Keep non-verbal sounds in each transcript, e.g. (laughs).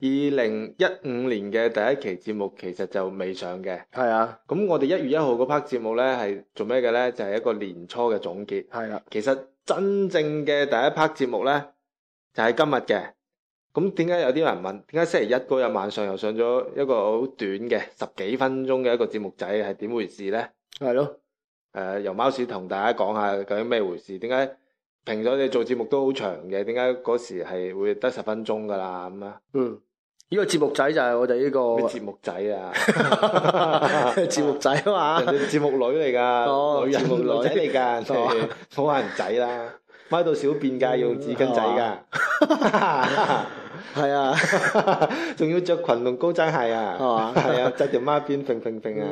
二零一五年嘅第一期節目其實就未上嘅，係啊。咁我哋一月一號嗰 part 節目呢係做咩嘅呢？就係一個年初嘅總結。係啦，其實真正嘅第一 part 節目呢，就係今日嘅。咁點解有啲人問？點解星期一嗰日晚上又上咗一個好短嘅十幾分鐘嘅一個節目仔係點回事呢？係咯，誒，由貓屎同大家講下究竟咩回事？點解？平咗你做節目都好長嘅，點解嗰時係會得十分鐘噶啦咁啊？嗯，呢個節目仔就係我哋呢個。咩節目仔啊？節目仔啊嘛，節目女嚟噶，節目女仔嚟噶，好人仔啦，孖到小便噶，用紙巾仔噶，係啊，仲要着裙同高踭鞋啊，係啊，紮條孖辮，平平平啊。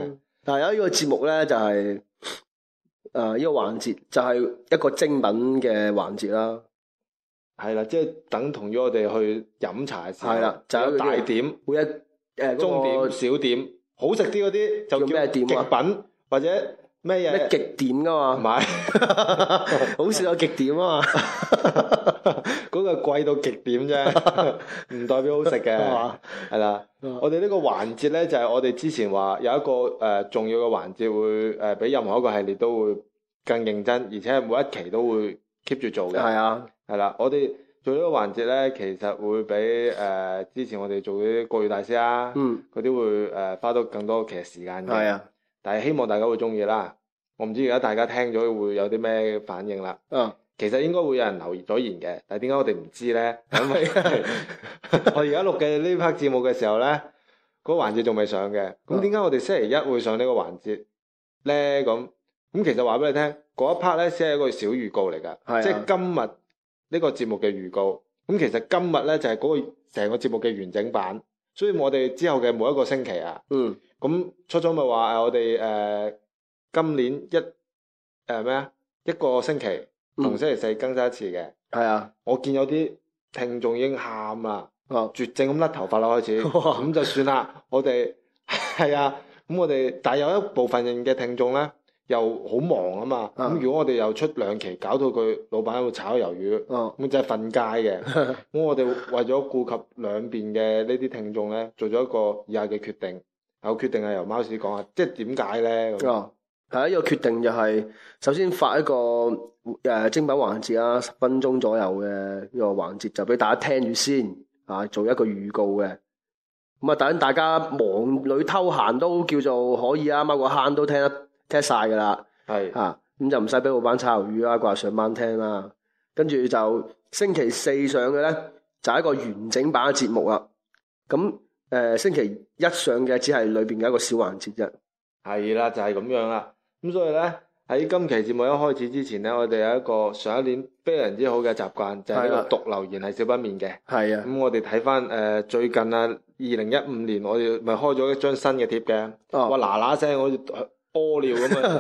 但係有呢個節目咧，就係。誒一、uh, 個環節就係一個精品嘅環節啦，係啦，即係等同於我哋去飲茶嘅時候，係啦，就有大點，每一誒、呃那個、中點、小點好食啲嗰啲就叫咩點、啊、極品或者。咩嘢？極點噶嘛？唔係是， (laughs) 好少有極點啊嘛。 (laughs) (laughs) 嗰個貴到極點啫，唔代表好食嘅。係啦，我哋呢個環節咧，就係、是、我哋之前話有一個誒、呃、重要嘅環節會誒，比任何一個系列都會更認真，而且係每一期都會 keep 住做嘅。係啊，係啦，我哋做個環節呢個環節咧，其實會比誒、呃、之前我哋做啲國語大師啊，嗯，嗰啲會誒花到更多其實時間嘅。係啊，但係希望大家會中意啦。我唔知而家大家聽咗會有啲咩反應啦。嗯，uh, 其實應該會有人留言咗言嘅，但係點解我哋唔知呢？ (laughs) (laughs) 我而家錄嘅呢 part 節目嘅時候呢，嗰、嗰個環節仲未上嘅。咁點解我哋星期一會上呢個環節呢？咁咁其實話俾你聽，嗰一 part 呢只係一個小預告嚟㗎，即係、啊、今日呢個節目嘅預告。咁其實今日呢，就係嗰個成個節目嘅完整版。所以我哋之後嘅每一個星期啊，嗯，咁初初咪話誒我哋誒。呃今年一誒咩啊，一個星期同星期四更新一次嘅。係、嗯、啊，我見有啲聽眾已經喊啦，啊、哦、絕症咁甩頭髮啦，開始咁、哦、就算啦。哦、我哋係啊，咁我哋但係有一部分人嘅聽眾咧又好忙啊嘛。咁、嗯、如果我哋又出兩期，搞到佢老闆喺度炒魷魚，咁、哦、就係瞓街嘅。咁、哦、我哋為咗顧及兩邊嘅呢啲聽眾咧，做咗一個以下嘅決定。有決定係由貓屎講啊，即係點解咧？就是第一個決定，就係首先發一個誒、呃、精品環節啦，十分鐘左右嘅呢個環節，就俾大家聽住先，啊，做一個預告嘅。咁、嗯、啊，等大家忙裏偷閒都叫做可以啊，踎個坑都聽得聽曬㗎啦。係是啊，咁就唔使俾老闆炒魷魚啦，掛上班聽啦。跟住就星期四上嘅咧，就係、一個完整版嘅節目啦。咁誒、呃，星期一上嘅只係裏邊嘅一個小環節啫。係啦，就係、是、咁樣啦。咁所以咧，喺今期節目一開始之前咧，我哋有一個上一年非常之好嘅習慣，就係、是、呢個讀留言係少不免嘅。係啊，咁是的、 (laughs) 嗯、我哋睇翻誒最近啊，二零一五年我哋咪開咗一張新嘅貼嘅，哇嗱嗱聲好似屙尿咁啊，呢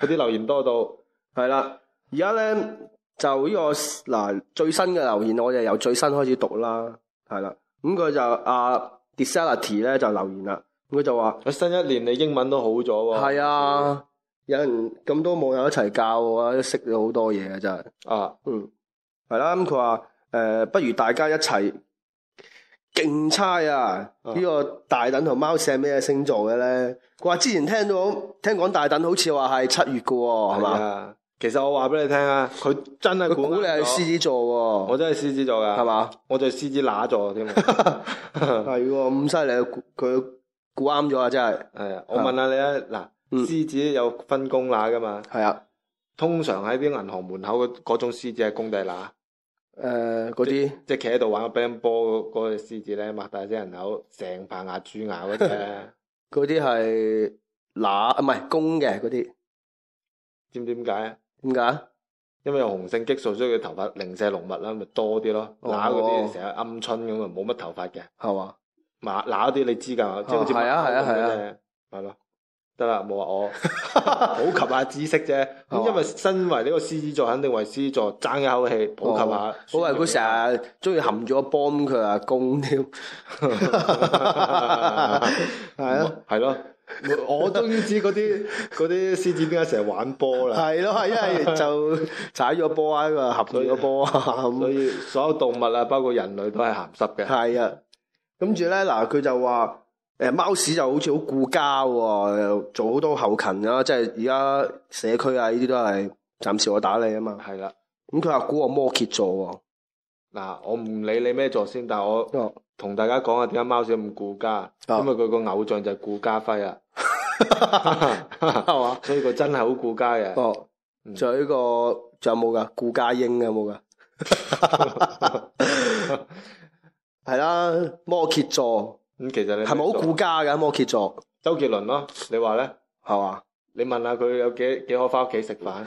啲啲留言多到係啦。而家咧就呢、這個嗱最新嘅留言，我就由最新開始讀啦。係啦，咁、嗯、佢就啊 disability 咧、네、就留言啦，佢 (laughs) 就話說：新一年你英文都好咗喎。係啊。有人咁多網友一齊教我啊，識咗好多嘢啊，真係啊，嗯，係啦。咁佢話誒，不如大家一齊競猜啊，呢個大等同貓舍係咩星座嘅咧？佢話之前聽到聽講大等好似話係七月噶喎，係嘛？其實我話俾你聽啊，佢真係估你係獅子座，我真係獅子座噶，係嘛？我就係獅子乸座添，係喎，咁犀利，佢估啱咗啊，真係。係啊，我問下你啊，嗱。獅子有分公乸嘅嘛？係啊，通常喺啲銀行門口嗰嗰種獅子係公定乸？誒，嗰啲即係企喺度玩乒乓波嗰嗰隻獅子咧，擘大隻人口，成排牙豬牙嗰隻。嗰啲係乸啊，唔係公嘅嗰啲。知唔知點解啊？點解？因為有雄性激素，所以佢頭髮零舍濃密啦，咪多啲咯。乸嗰啲成日鵪鶉咁啊，冇乜頭髮嘅。係嘛？乸乸啲你知㗎，即係好似貓啊，咁啊，係咯。得啦，冇話我普及下知識啫。咁 (laughs) 吧因為身為呢個獅子座，肯定為獅子座爭一口氣，普及下。好、哦、 (laughs) 啊，佢成日中意含咗個佢啊，公添。係 (laughs) 啊，係咯。我中意知嗰啲嗰啲獅子點解成日玩波 a l l 啦？係咯，係因為就踩咗波 a l l 啊嘛，含咗個 b 啊。 (laughs) 所以所有動物啊，包括人類都係鹹濕嘅。係啊，跟住咧，嗱，佢就話。誒，貓屎、欸、就好似好顧家、哦，又做好多後勤啦、啊，即係而家社區啊，呢啲都係暫時我打理啊嘛。係啦的，咁佢話估我摩羯座、哦，嗱、啊，我唔理你咩座先，但係我同、哦、大家講下點解貓屎咁顧家？因為佢個偶像就係顧家輝啊，係嘛？所以佢真係好顧家嘅。哦、啊，仲、嗯、有呢、這個，仲有冇噶？顧家英有冇噶？係 (laughs) 啦， (laughs) 摩羯座，座。咁其實你係咪好顧家嘅摩羯座？周杰倫咯，你話咧係嘛？你問下佢有幾幾可翻屋企食飯，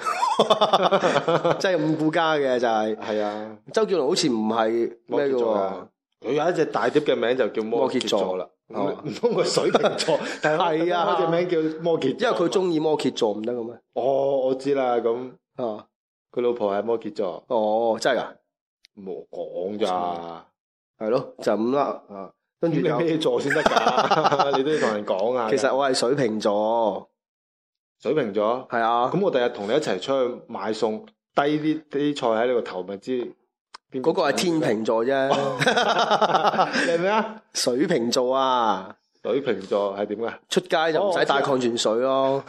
即係唔顧家嘅就係係啊。周杰倫好似唔係咩嘅佢有一隻大碟嘅名就叫摩羯座啦，唔通佢水瓶座？係啊，只名叫摩羯，因為佢中意摩羯座唔得咁咩？哦，我知啦，咁啊，佢老婆係摩羯座哦，真係啊，冇講咋係咯，就咁啦啊～ (laughs) 跟住你咩座先得噶？你都要同人講啊。其實我係水，水瓶座，水瓶座係啊。咁我第日同你一齊出去買餸，低啲啲菜喺你個頭，咪知個。嗰個係天秤座啫。係咩啊？水瓶座啊、voilà， (laughs) 水瓶座係點啊？出街就唔使帶礦泉水咯。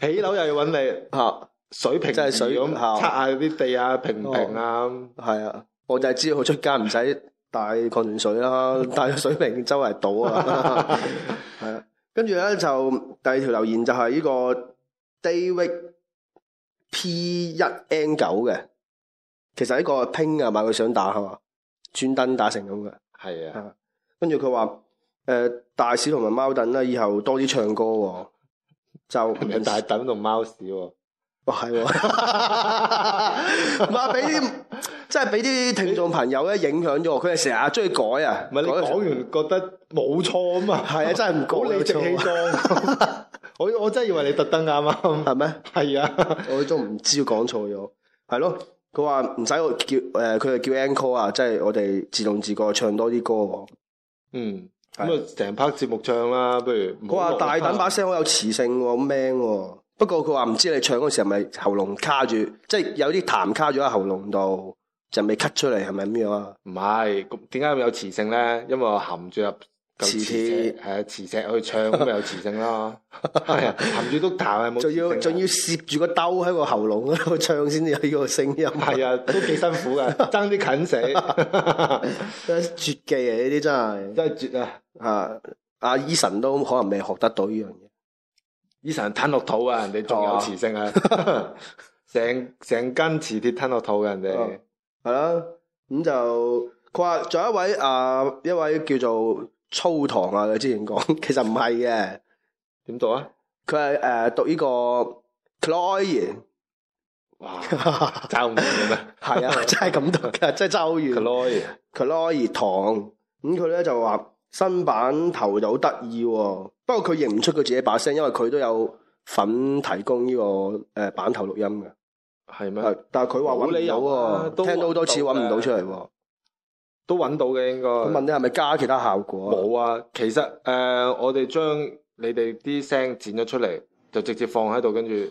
起樓又要搵你吓，水瓶就係水咁擦下啲地啊，平平啊，係啊。我就係知道佢出街唔使。帶礦泉水啦，帶個水瓶周圍倒啊，係啊。 (laughs) (laughs) 跟住咧就第二條留言就係呢個 David P 一 N 九嘅，其實呢個係拼啊嘛，佢想打係嘛，專登打成咁嘅。係啊的。跟住佢話誒，大屎同埋貓等啦，以後多啲唱歌、哦。就唔係大等同貓屎喎， (laughs) (laughs) 哦係喎。話是俾。 (laughs) 即係俾啲聽眾朋友咧影響咗，佢係成日追改啊！咪是你講完覺得冇錯啊嘛？係啊， (laughs) 真係唔講有錯。我我真係以為你特登啱啊！ (laughs) 係咩？係啊！我都唔知講錯咗，係咯？佢話唔使我叫誒，佢係叫 encore 啊！即係我哋自動自覺唱多啲歌喎。嗯，咁啊是，成 part 節目唱啦，不如不弄弄。佢話大等把聲好有磁性喎，man 喎。不過佢話唔知你唱嗰陣時係咪喉嚨卡住，即係有啲痰卡咗喺喉嚨度。就未 cut 出嚟，係咪咁樣啊？唔係，點解有磁性咧？因為我含住入磁鐵，係磁，石、啊、磁石去唱咁咪有磁性咯。 (laughs) (laughs) 哎、含住篤痰係冇。仲、啊、要仲要攝住個兜喺個喉嚨、啊，度唱先至有呢個聲音。係啊，都幾辛苦噶，爭啲近死， (laughs) (laughs) 真係絕技啊！呢啲真係 (laughs) 真係絕啊！啊， (laughs) 阿 Eason 都可能未學得到呢樣嘢。Eason 吞落肚啊， (laughs) 人哋仲有磁性啊，成成 (laughs) 笑人家根磁鐵吞落肚嘅人哋。係啦，咁、嗯、就佢話仲有一位啊、呃，一位叫做粗唐啊，佢之前講，其實唔係嘅，點讀啊？佢係誒讀呢個 colloid，哇，咒語咁咩？係 (laughs) 啊， (laughs) 真係咁讀嘅，真係咒語 colloid，colloid 唐咁佢咧、嗯、就話新版頭就好得意喎，不過佢認唔出佢自己把聲，因為佢都有份提供呢個誒版頭錄音嘅。係咩？但係佢話揾唔到喎、啊，都到啊、聽到好多次揾唔到出嚟喎、啊，啊、都揾到嘅應該。佢問你係咪加其他效果、啊？冇啊，其實誒、呃，我哋將你哋啲聲剪咗出嚟，就直接放喺度，跟住誒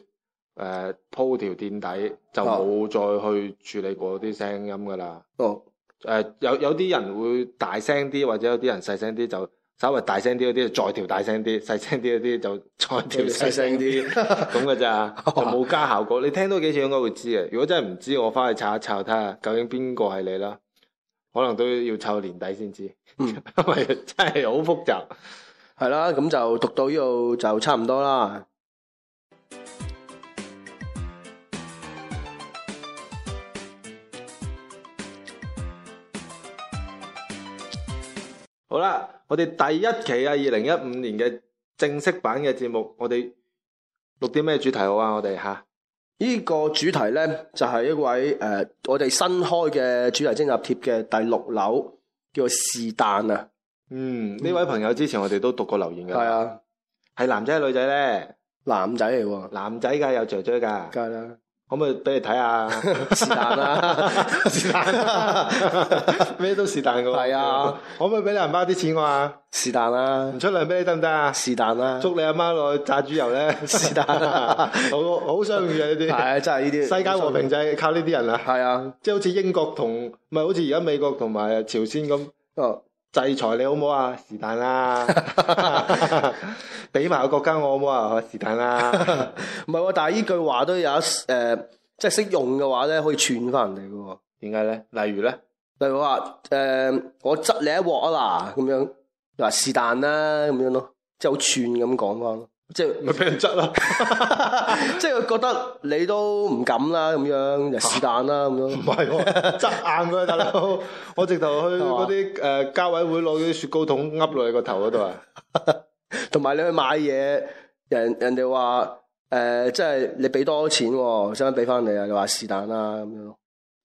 鋪條墊底，就冇再去處理過啲聲音噶啦。哦，誒、呃、有有啲人會大聲啲，或者有啲人細聲啲就。稍微大聲啲啲，再調大聲啲；細聲啲啲，就再調細聲啲。咁嘅咋，冇加效果。你聽多幾次應該會知啊。如果真係唔知，我翻去查一查睇下，究竟邊個係你啦？可能都要要湊年底先知，因為、嗯、 (laughs) 真係好複雜。 (laughs) 係啦，咁就讀到呢度就差唔多啦。 (music) 好啦。我哋第一期啊，二零一五年嘅正式版嘅節目，我哋錄啲咩主題好啊？我哋吓呢個主題呢，就係、是、一位誒、呃，我哋新開嘅主題徵集貼嘅第六樓，叫做「是但」啊。嗯，呢位朋友之前我哋都讀過留言噶。係、嗯、啊，係男仔女仔呢？男仔嚟喎。男仔噶，有雀雀噶。梗係啦。可唔可以俾你睇下？ (laughs) 什麼 (laughs) 是但啦，咩都是但噶。係啊，可唔可以俾你阿媽啲錢我啊？是但啦，唔出糧俾你得唔得啊？是但啦，捉你阿媽落去炸豬油呢？是但， (laughs) (laughs) 好好相遇啊！呢啲、 (laughs) 啊、世界和平就 (laughs) 靠呢啲人啊。係 (laughs) 啊，即好似英國同，唔係好似而家美國同埋朝鮮咁。 (laughs) 哦制裁你好唔好啊？是但啦，俾埋個國家我好唔好啊？是但啦，唔係，但係呢句話都有誒、呃，即係識用嘅話咧，可以串翻人哋嘅。點解咧？例如咧？例如我話誒，我執你一鑊啊嗱，咁樣嗱，是但啦，咁樣咯，即係好串咁講翻咯。即係咪俾人執啦， (laughs) 即係佢覺得你都唔敢啦咁樣，啊、是但啦咁樣，唔係執硬佢大佬。我直頭去嗰啲誒，交委會攞啲雪糕桶噏落你個頭嗰度啊。同埋 (laughs) 你去買嘢，人人哋話誒，即係你俾多錢，想唔想俾翻你啊？你話是但啦咁樣。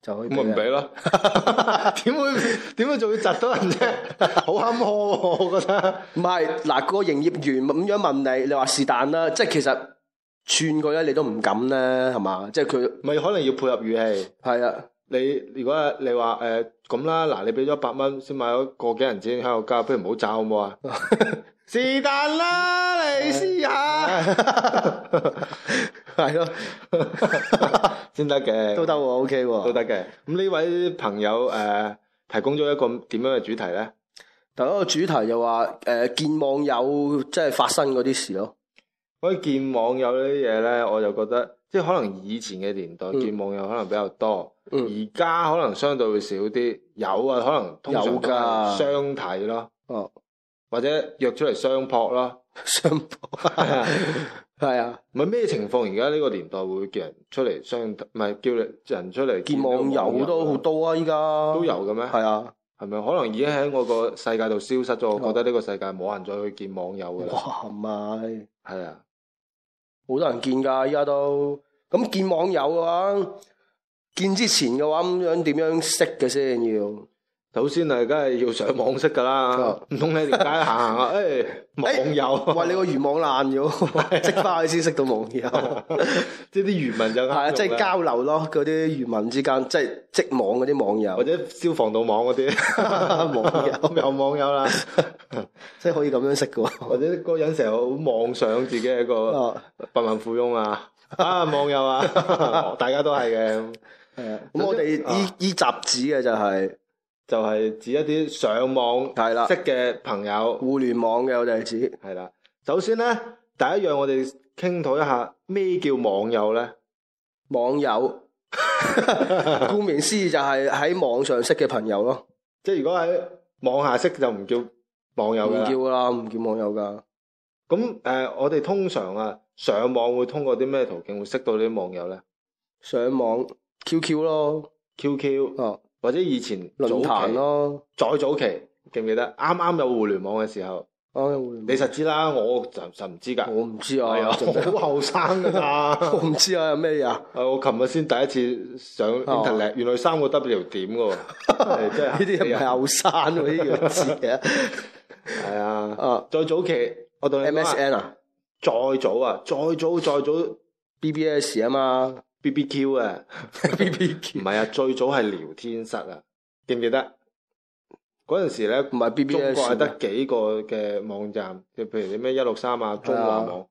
就唔俾啦，點 (laughs) (laughs) 會點會仲要窒到人啫？好坎坷，我覺得。唔係嗱，個營業員咁樣問你，你話是但啦，即係其實串個咧，你都唔敢咧，係嘛？即係佢咪可能要配合語氣。係啊的，你如果你話誒咁啦，嗱，你俾咗一百蚊先買咗個幾銀紙喺度加，不如唔好詐好唔好啊？是但啦，你試下。 (laughs) (laughs) (laughs) 係咯，先得嘅都得喎，O K 喎，都得嘅。咁呢位朋友誒、呃，提供咗一個點樣嘅主題咧？但嗰個主題又話誒，見網友即係發生嗰啲事咯。嗰啲見網友呢啲嘢咧，我就覺得，即係可能以前嘅年代、嗯、見網友可能比較多，而家、嗯、可能相對會少啲。有啊，可能常有的常相相睇咯，哦、或者約出嚟相撲咯雙，相撲。 (laughs) (laughs) (laughs) 係啊，唔係咩情況？而家呢個年代會人叫人出嚟相，唔係叫人出嚟見網友都好多好多啊！依家都有嘅咩？係啊，係咪可能已經喺我個世界度消失咗？我覺得呢個世界冇人再去見網友嘅啦。哦啊、哇，唔係，係啊，好多人見噶，依家都咁見網友嘅話，見之前嘅話咁樣點樣識嘅先要。首先啊，梗係要上網識噶啦，唔通喺條街行？行誒，網友喂，你個漁網爛咗，即翻去先識到網友，即係啲漁民就係即係交流咯。嗰啲漁民之間即係織網嗰啲網友，或者消防盜網嗰啲網友，網友啦，即係可以咁樣識噶。或者個人成日好妄想自己一個百萬富翁啊，啊，網友啊，大家都係嘅。咁我哋依依集子嘅就係。就係指一啲上網識嘅朋友，互聯網嘅我哋係指，係啦。首先咧，第一樣我哋傾討一下咩叫網友咧？網友，顧 (laughs) 名思義就係喺網上識嘅朋友咯。即係如果喺網下識就唔叫網友。唔叫啦，唔叫網友㗎。咁誒、呃，我哋通常啊，上網會通過啲咩途徑會識到啲網友咧？上網 QQ 咯，QQ 哦。Q Q Q 或者以前論壇咯，再早期記唔記得？啱啱有互聯網嘅時候，你實知啦，我就實唔知噶。我唔知啊，好後生噶咋？我唔知啊，有咩嘢啊？我琴日先第一次上 internet，原來三個 W 點噶，呢啲唔係後生嗰啲字啊。係啊，誒，再早期我對 MSN 啊，再早啊，再早再早 BBS 啊嘛。B B Q 啊，B B Q 唔係啊，最早係聊天室啊，記唔記得嗰陣時咧？唔係 B B Q，中國得幾個嘅網站，譬的如你咩一六三啊、中華網，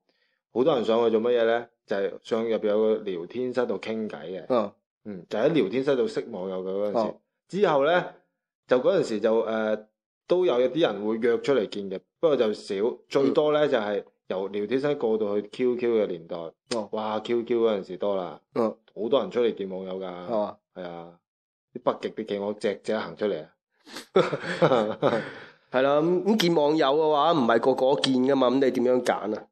好的多人上去做乜嘢咧？就係、上入邊有個聊天室度傾偈嘅，的嗯，就喺、是、聊天室度識網友嘅嗰陣時。的之後咧，就嗰陣時就誒、呃，都有一啲人會約出嚟見嘅，不過就少，最多咧就係、是。嗯由聊天室過到去 QQ 嘅年代，哇 QQ 嗰陣時多啦，好、oh. 多人出嚟見網友㗎，係啊、oh.，啲北極啲企鵝隻隻行出嚟啊，係 (laughs) 啦， (laughs) 咁見網友嘅話唔係個個見㗎嘛，咁你點樣揀啊？誒、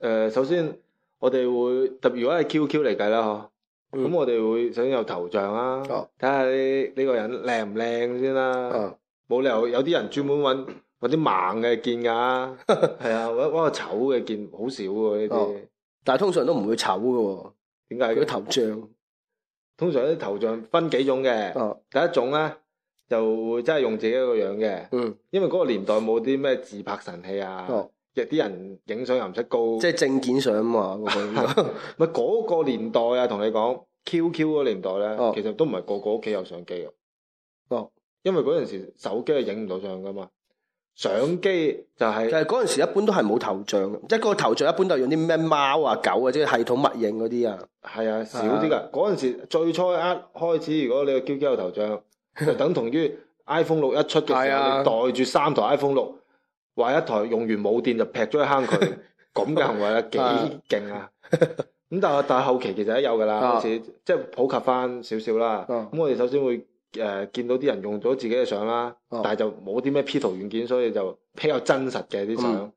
呃，首先我哋會，特如果係 QQ 嚟計啦，嗬，咁我哋會首先有頭像啦、啊，睇下呢個人靚唔靚先啦，冇、oh. 理由有啲人專門揾。嗰啲盲嘅見噶，係啊，搵搵個醜嘅見好少嘅呢啲，但係通常都唔會醜嘅、啊，點解？佢頭像通常啲頭像分幾種嘅，啊、第一種咧就會真係用自己一個樣嘅，哦、因為嗰個年代冇啲咩自拍神器啊，亦啲、嗯、人，人影相又唔識高，即係證件相嘛。唔，嗰個，個年代啊，同你講 QQ 個年代咧，啊、其實都唔係個個屋企有相機哦，因為嗰陣時手機係影唔到相噶嘛。相機就係就係嗰陣時，一般都係冇頭像，即係個頭像一般都係用啲咩貓啊、狗啊，即係系統默認嗰啲啊。係啊，少啲噶。嗰陣時最初一開始，如果你個 QQ 個頭像，就等同於 iPhone 六一出嘅時候，啊、你袋住三台 iPhone 六，話一台用完冇電就劈咗去坑渠。咁嘅 (laughs) 行為啊，幾勁 (laughs) 啊！咁 (laughs) 但係但係後期其實都有噶啦，好似即係普及翻少少啦。咁、嗯、我哋首先會。誒、呃，見到啲人用咗自己嘅相啦，哦、但係就冇啲咩 P 圖軟件，所以就比較真實嘅啲相。嗯、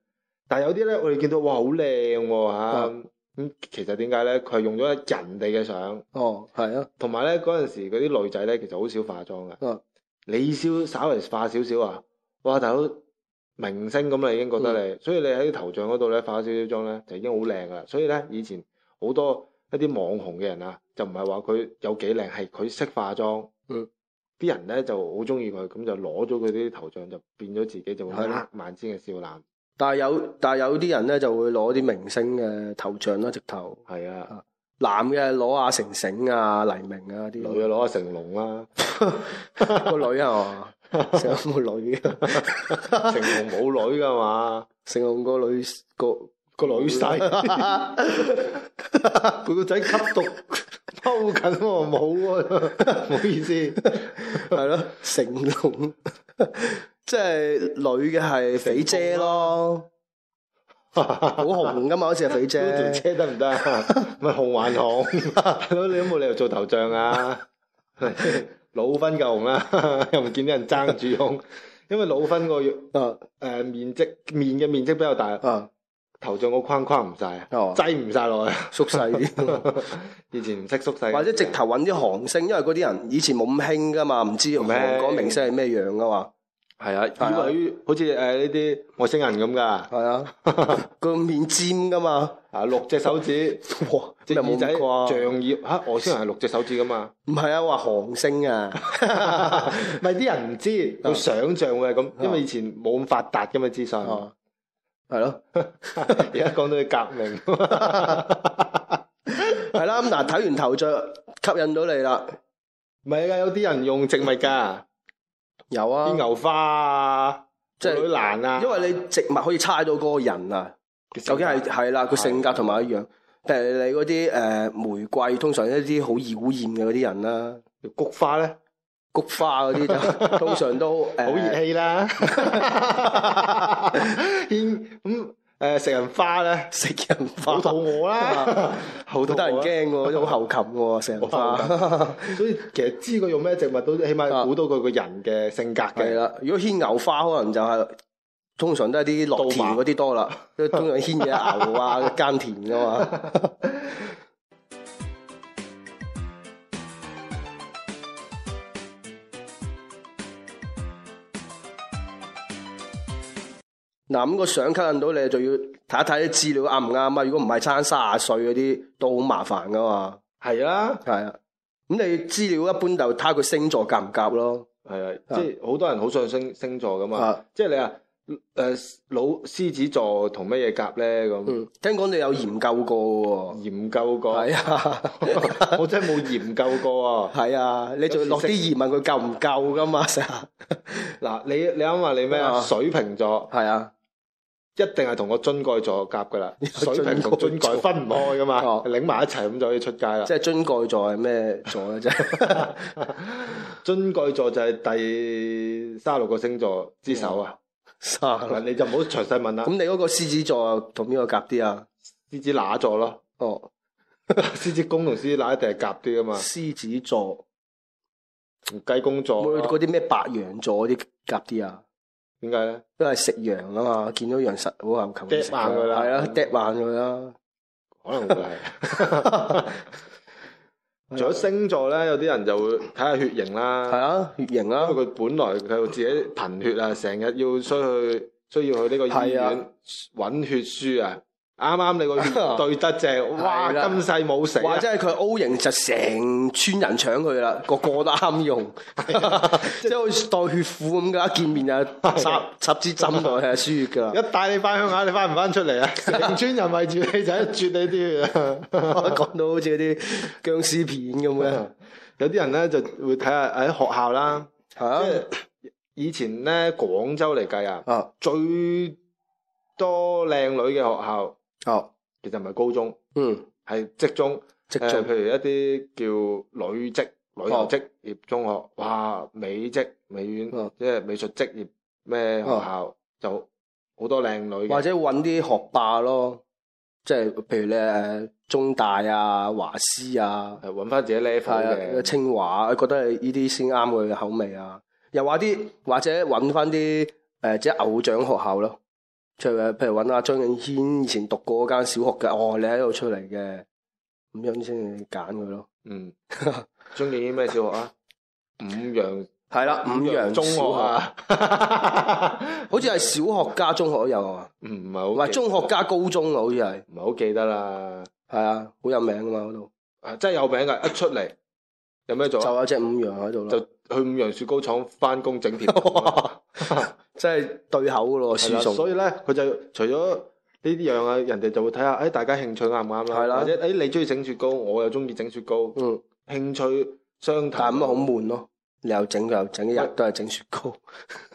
但係有啲咧，我哋見到哇，好靚吓咁。其實點解咧？佢係用咗人哋嘅相哦，係啊。同埋咧，嗰陣時嗰啲女仔咧，其實好少化妝噶。嗯、你李稍微化少少啊，哇！大佬明星咁啦，已經覺得你，嗯、所以你喺頭像嗰度咧化少少妝咧，就已經好靚噶啦。所以咧，以前好多一啲網紅嘅人啊，就唔係話佢有幾靚，係佢識化妝。嗯。啲人咧就好中意佢，咁就攞咗佢啲頭像，就變咗自己就會萬千嘅少男。是啊、但係有，但係有啲人咧就會攞啲明星嘅頭像啦，直頭。係啊，男嘅攞阿城城啊、黎明啊啲。女嘅攞阿成龍啦、 (laughs) 啊，個女啊嘛了，成個女，成龍冇女㗎嘛，成龍個女個個女婿，佢個仔吸毒。收緊，冇，唔、啊、好意思，係 (laughs) 咯， (laughs) 成龍，即係女嘅係肥姐咯， (laughs) 好紅㗎嘛， (laughs) 好似係肥姐，姐得唔得？咪紅還紅，係咯，你都冇理由做頭像啊， (laughs) 老芬夠紅啦， (laughs) 又唔見啲人爭住胸， (laughs) 因為老芬個，誒、呃，面積面嘅面積比較大。頭像個框框唔晒，啊，擠唔晒落去，縮細啲。以前唔識縮細，或者直頭揾啲韓星，因為嗰啲人以前冇咁興噶嘛，唔知韓國明星係咩樣噶嘛。係啊，以為好似誒呢啲外星人咁噶。係啊，個面尖噶嘛。啊，六隻手指，隻耳仔、象葉嚇外星人係六隻手指噶嘛。唔係啊，話韓星啊，咪啲人唔知，佢想象會係咁，因為以前冇咁發達噶嘛資訊。係咯，而家講到革命， (laughs) (laughs) 係啦。咁嗱，睇完頭像吸引到你啦，唔係噶，有啲人用植物噶，有啊，啲牛花啊，即係嗰啲蘭啊，因為你植物可以猜到嗰個人啊，究竟係係啦，個性格同埋一樣。但係的你嗰啲誒玫瑰，通常一啲好妖艷嘅嗰啲人啦，菊花咧。菊花嗰啲就通常都，好熱氣啦。牽咁誒食人花咧，食 (laughs) 人花肚餓啦，好 (laughs) 得人驚喎，好喉擒喎，食人花。 (laughs) (laughs) 所以其實知佢用咩植物都起碼估到佢個人嘅性格嘅。如果牽牛花可能就係、是、通常都係啲落田嗰啲多啦，都通常牽嘢牛啊耕田噶嘛。 (laughs) 嗱，咁個相吸引到你，就要睇一睇啲資料啱唔啱啊！如果唔係，差三廿歲嗰啲都好麻煩噶嘛。係啊，係啊。咁你資料一般就睇佢星座夾唔夾咯。係啊，啊即係好多人好信星星座噶嘛。啊、即係你啊。誒，老獅子座同乜嘢夾咧？咁聽講你有研究過喎，研究過，係啊，我真係冇研究過啊。係啊，你仲要落啲疑問佢夠唔夠噶嘛？成日嗱，你你啱話你咩啊？水瓶座係。啊，一定係同個樽蓋座夾噶啦，水瓶同樽蓋分唔開噶嘛，擰埋一齊咁就可以出街啦。即係樽蓋座係咩座咧？就樽蓋座就係第三十六個星座之首啊！嗱，你就唔好詳細問啦。咁 (laughs) 你嗰個獅子座同邊個夾啲啊？獅子乸、呃、座咯。哦，獅子公同獅子乸、呃、一定係夾啲噶嘛？獅子座，雞公座。嗰啲咩白羊座啲夾啲啊？點解咧？因為食羊啊嘛，見到羊實好求求啲食。食爛佢啦。係啦的，食爛佢啦。嗯、可能會係。 (laughs) 除咗星座咧，有啲人就會睇下血型啦，係啊，血型啦，因為佢本來佢自己貧血啊，成日要需去需要去呢個醫院搵、啊、血輸啊。啱啱你個血對得正，啊、哇咁細冇食，或者係佢 O 型就成村人搶佢啦，個個都啱用，即係好似代血庫咁噶，一見面就插插支針落去輸血噶。一帶你翻鄉下，你翻唔翻出嚟啊？成村人圍住你，就係、是、轉你啲嘢。講 (laughs) 到好似啲僵屍片咁嘅，啊啊、有啲人咧就會睇下喺學校啦，即、就、係、是、以前咧廣州嚟計啊，啊最多靚女嘅學校。哦，其實唔係高中，嗯，係職中，職中、呃，譬如一啲叫女職、女職業中學，哦、哇，美職、美院，哦、即係美術職業咩學校，哦、就好多靚女，或者搵啲學霸咯，即係譬如你誒，中大啊，華師啊，搵翻自己 level 嘅、啊、清華，覺得係呢啲先啱佢嘅口味啊，又話啲或者搵翻啲誒，即係偶像學，學，學，學，學，學校咯。就誒，譬如搵阿張敬軒以前讀過嗰間小學嘅，哦，你喺度出嚟嘅，咁樣先揀佢咯。嗯，張敬軒咩小學啊？五羊係啦， (laughs) 了五羊中學啊， (laughs) 好似係小學加中學都有啊。唔係好唔係中學加高中啊，好似係唔係好記得啦。係 (laughs) 啊，好有名噶嘛嗰度，啊真係有名噶，一出嚟 (laughs) 有咩做啊？就有一隻五羊喺度啦，就去五羊雪糕廠翻工整甜筒 (laughs) (laughs) 即係對口噶咯，所以咧佢就除咗呢啲樣啊，人哋就會睇下，誒，大家興趣啱唔啱啦？或者誒你中意整雪糕，我又中意整雪糕，興趣相投。但係咁啊好悶咯，你又整又整，一日都係整雪糕。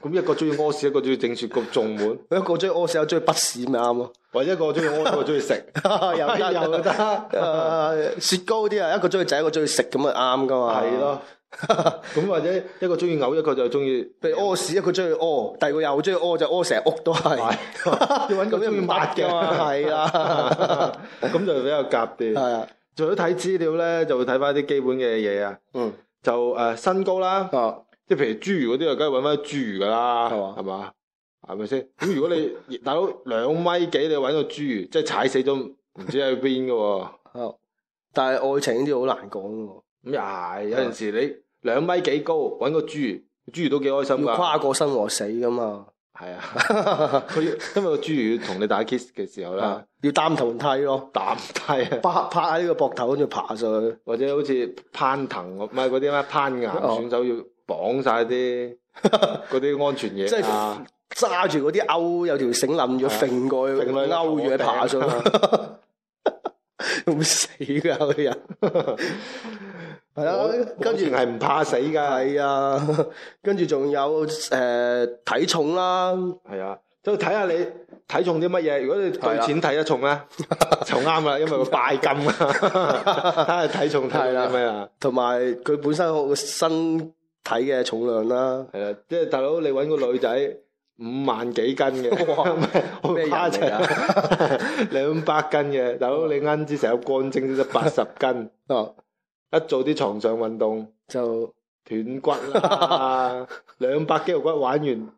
咁一個中意屙屎，一個中意整雪糕，仲悶。一個中意屙屎，一個中意不屎咪啱咯？或者一個中意屙屎，一個中意食，又有得。誒雪糕啲啊，一個中意仔，一個中意食，咁啊啱噶嘛？係咯。咁或者一個中意嘔，一個就中意，譬如屙屎，一個中意屙，第二個又好中意屙，就屙成屋都係。要搵個中意抹嘅係啦。咁就比較夾啲。除咗睇資料咧，就會睇翻啲基本嘅嘢啊。嗯。就誒身高啦。哦。即係譬如侏儒嗰啲，就梗係搵翻侏儒噶啦。係嘛？係嘛？係咪先？咁如果你大佬兩米幾，你搵個侏儒，即係踩死都唔知喺邊噶喎。哦。但係愛情呢啲好難講噶。咁又係，有陣時你兩米幾高，搵個豬，豬魚都幾開心要跨過生和死噶嘛？係啊，佢因為個豬魚要同你打 kiss 嘅時候咧，要擔頭梯咯，擔梯，趴趴喺個膊頭跟住爬上去。或者好似攀藤，唔係嗰啲咩攀岩選手要綁晒啲嗰啲安全嘢啊，揸住嗰啲勾，有條繩冧咗，揈過去，嗯、勾住爬上去。咁頂 (laughs) 死噶啲、啊、人。 (laughs) 係啦， (noise) 跟住係唔怕死噶，係、 (noise) 嗯、啊。跟住仲有誒、呃、體重啦，係 (noise) 啊。都睇下你體重啲乜嘢。如果你對錢睇得重咧， (laughs) 就啱啦，因為個拜金 (laughs) 看看 (noise) 啊。睇下體重，太啦，係咪啊？同埋佢本身個身體嘅重量啦，係啦、啊。即、就、係、是、大佬，你揾個女仔五萬幾斤嘅，咩嘢嚟啊？兩百斤嘅，大佬你啱之成日幹蒸都得八十斤。一做啲床上運動就斷骨啦，兩百幾條骨玩完，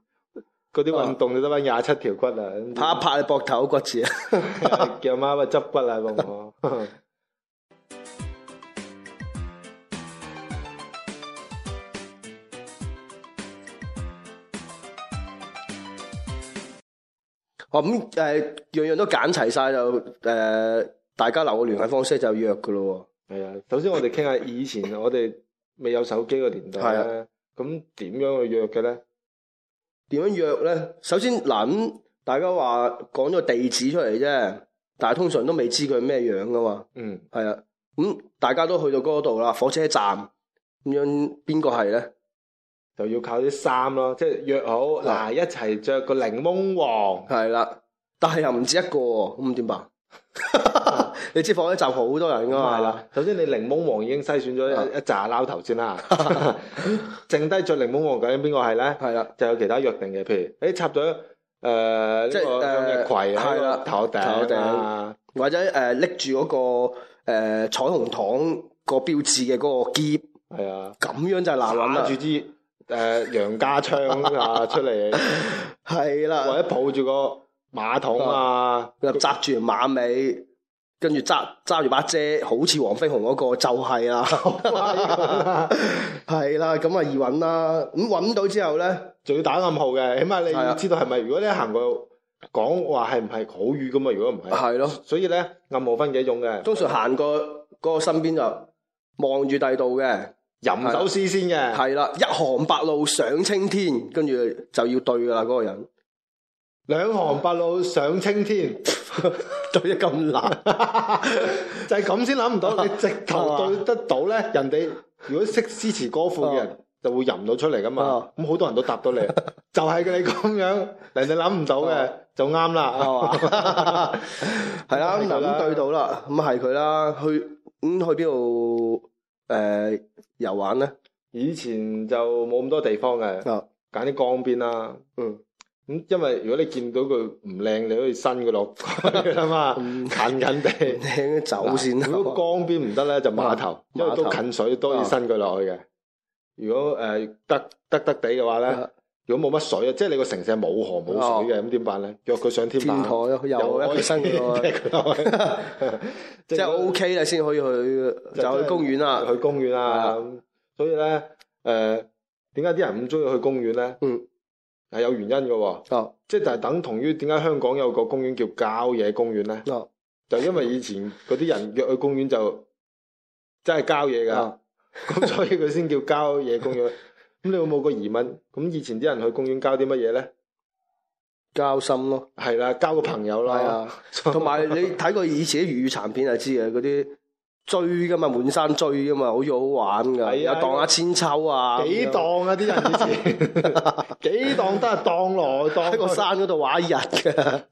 嗰啲運動就你得翻廿七條骨啊！啪啪你膊頭骨刺啊！ (laughs) 叫媽咪執骨啊！我咁誒、樣、嗯、樣、嗯嗯嗯、都揀齊晒就誒，大家留個聯繫方式就約噶咯。嗯係啊的，首先我哋傾下以前我哋未有手機嘅年代咧，咁點樣去約嘅咧？點樣約咧？首先嗱大家話講咗地址出嚟啫，但係通常都未知佢係咩樣噶嘛、嗯。嗯，係啊，咁大家都去到嗰度啦，火車站咁樣，邊個係咧？就要靠啲衫咯，即係約好嗱的，一齊着，着個檸檬黃，係啦，但係又唔止一個，咁點辦？ (laughs) 你知放一集好多人噶嘛？係啦，首先你檸檬王已經篩選咗一紮撈頭先啦， (noise) (laughs) (laughs) 剩低着檸檬王究竟邊個係咧？係啦，就有其他約定嘅，譬如誒、哎、插咗誒呢個日葵、uh, uh, 頂啊，頭頂，或者誒拎住嗰個誒、uh, 彩虹糖個標誌嘅嗰個夾，係、uh, 啊，咁樣就難啦，諗住支誒楊家槍啊出嚟，係啦，或者抱住、那個。馬桶啊，又紮、啊、住馬尾，跟住揸揸住把遮，好似黃飛鴻嗰、那個就係、是、啦，係啦、 (laughs) 啊，咁啊 (laughs) 易揾啦。咁、嗯、揾到之後咧，仲要打暗號嘅，起碼你要知道係咪。啊、如果你行過講話係唔係好雨噶嘛，啊、如果唔係係咯，所以咧暗號分幾種嘅，通常行過嗰、那個身邊就望住地道嘅，吟首詩先嘅，係啦、啊啊，一行白鷺上青天，跟住就要對噶啦嗰個人。兩行白鷺上青天， (laughs) 對得咁難， (laughs) 就係咁先諗唔到。你直頭對得到咧，人哋如果識詩詞歌賦嘅人，就會吟到出嚟噶嘛。咁好 (laughs) (laughs) 多人都答到你，就係嘅你咁樣，人哋諗唔到嘅 (laughs) (laughs) (laughs) 就啱啦，係嘛？係啦，咁對到啦，咁係佢啦。去咁去邊度？誒、呃，遊玩咧？以前就冇咁多地方嘅，揀啲 (laughs) 江邊啦。嗯。咁，因為如果你見到佢唔靚，你可以伸佢落去噶啦嘛，近近哋，走線。如果江邊唔得咧，就碼頭，因為都近水，都可以伸佢落去嘅。如果誒得得得地嘅話咧，如果冇乜水啊，即係你個城市冇河冇水嘅，咁點辦咧？約佢上天台，又可以伸佢落去。即係 OK 啦，先可以去就去公園啦，去公園啦。所以咧，誒點解啲人唔中意去公園咧？嗯。係有原因嘅，啊、即係等同於點解香港有個公園叫郊野公園呢？啊、就因為以前嗰啲人約去公園就真係交嘢噶，啊、所以佢先叫郊野公園。咁 (laughs) 你有冇個疑問？咁以前啲人去公園交啲乜嘢呢？交心咯，係啦、啊，交個朋友啦，同埋、啊、 (laughs) 你睇過以前粵語殘片就知嘅嗰啲。追噶嘛，滿山追噶嘛，好似好玩噶，又盪下千秋啊，幾盪啊啲 (laughs) 人以前，幾盪都係盪來盪。喺、啊、個山嗰度玩一日嘅，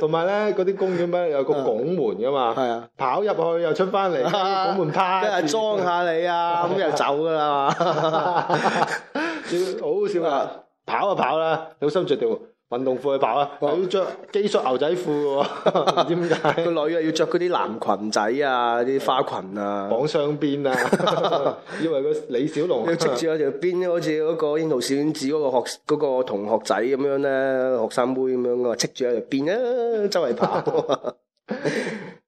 同埋 (laughs) 呢，嗰啲公園咧有個拱門噶嘛，係啊，跑入去又出翻嚟，拱門攤，咁裝下你啊，咁又走噶嘛。好的笑啊， (laughs) 跑就跑啦，你好心着地喎。運動褲去跑啊！我要着基恤牛仔褲喎，點解個女啊要着嗰啲藍裙仔啊，啲花裙啊，綁雙邊啊，因 (laughs) 為個李小龍 (laughs) 要戚住喺條邊，好似嗰個《櫻桃小丸子》嗰個學、嗰個、同學仔咁樣咧，學生妹咁樣啊，戚住喺度邊啊，周圍跑。 (laughs)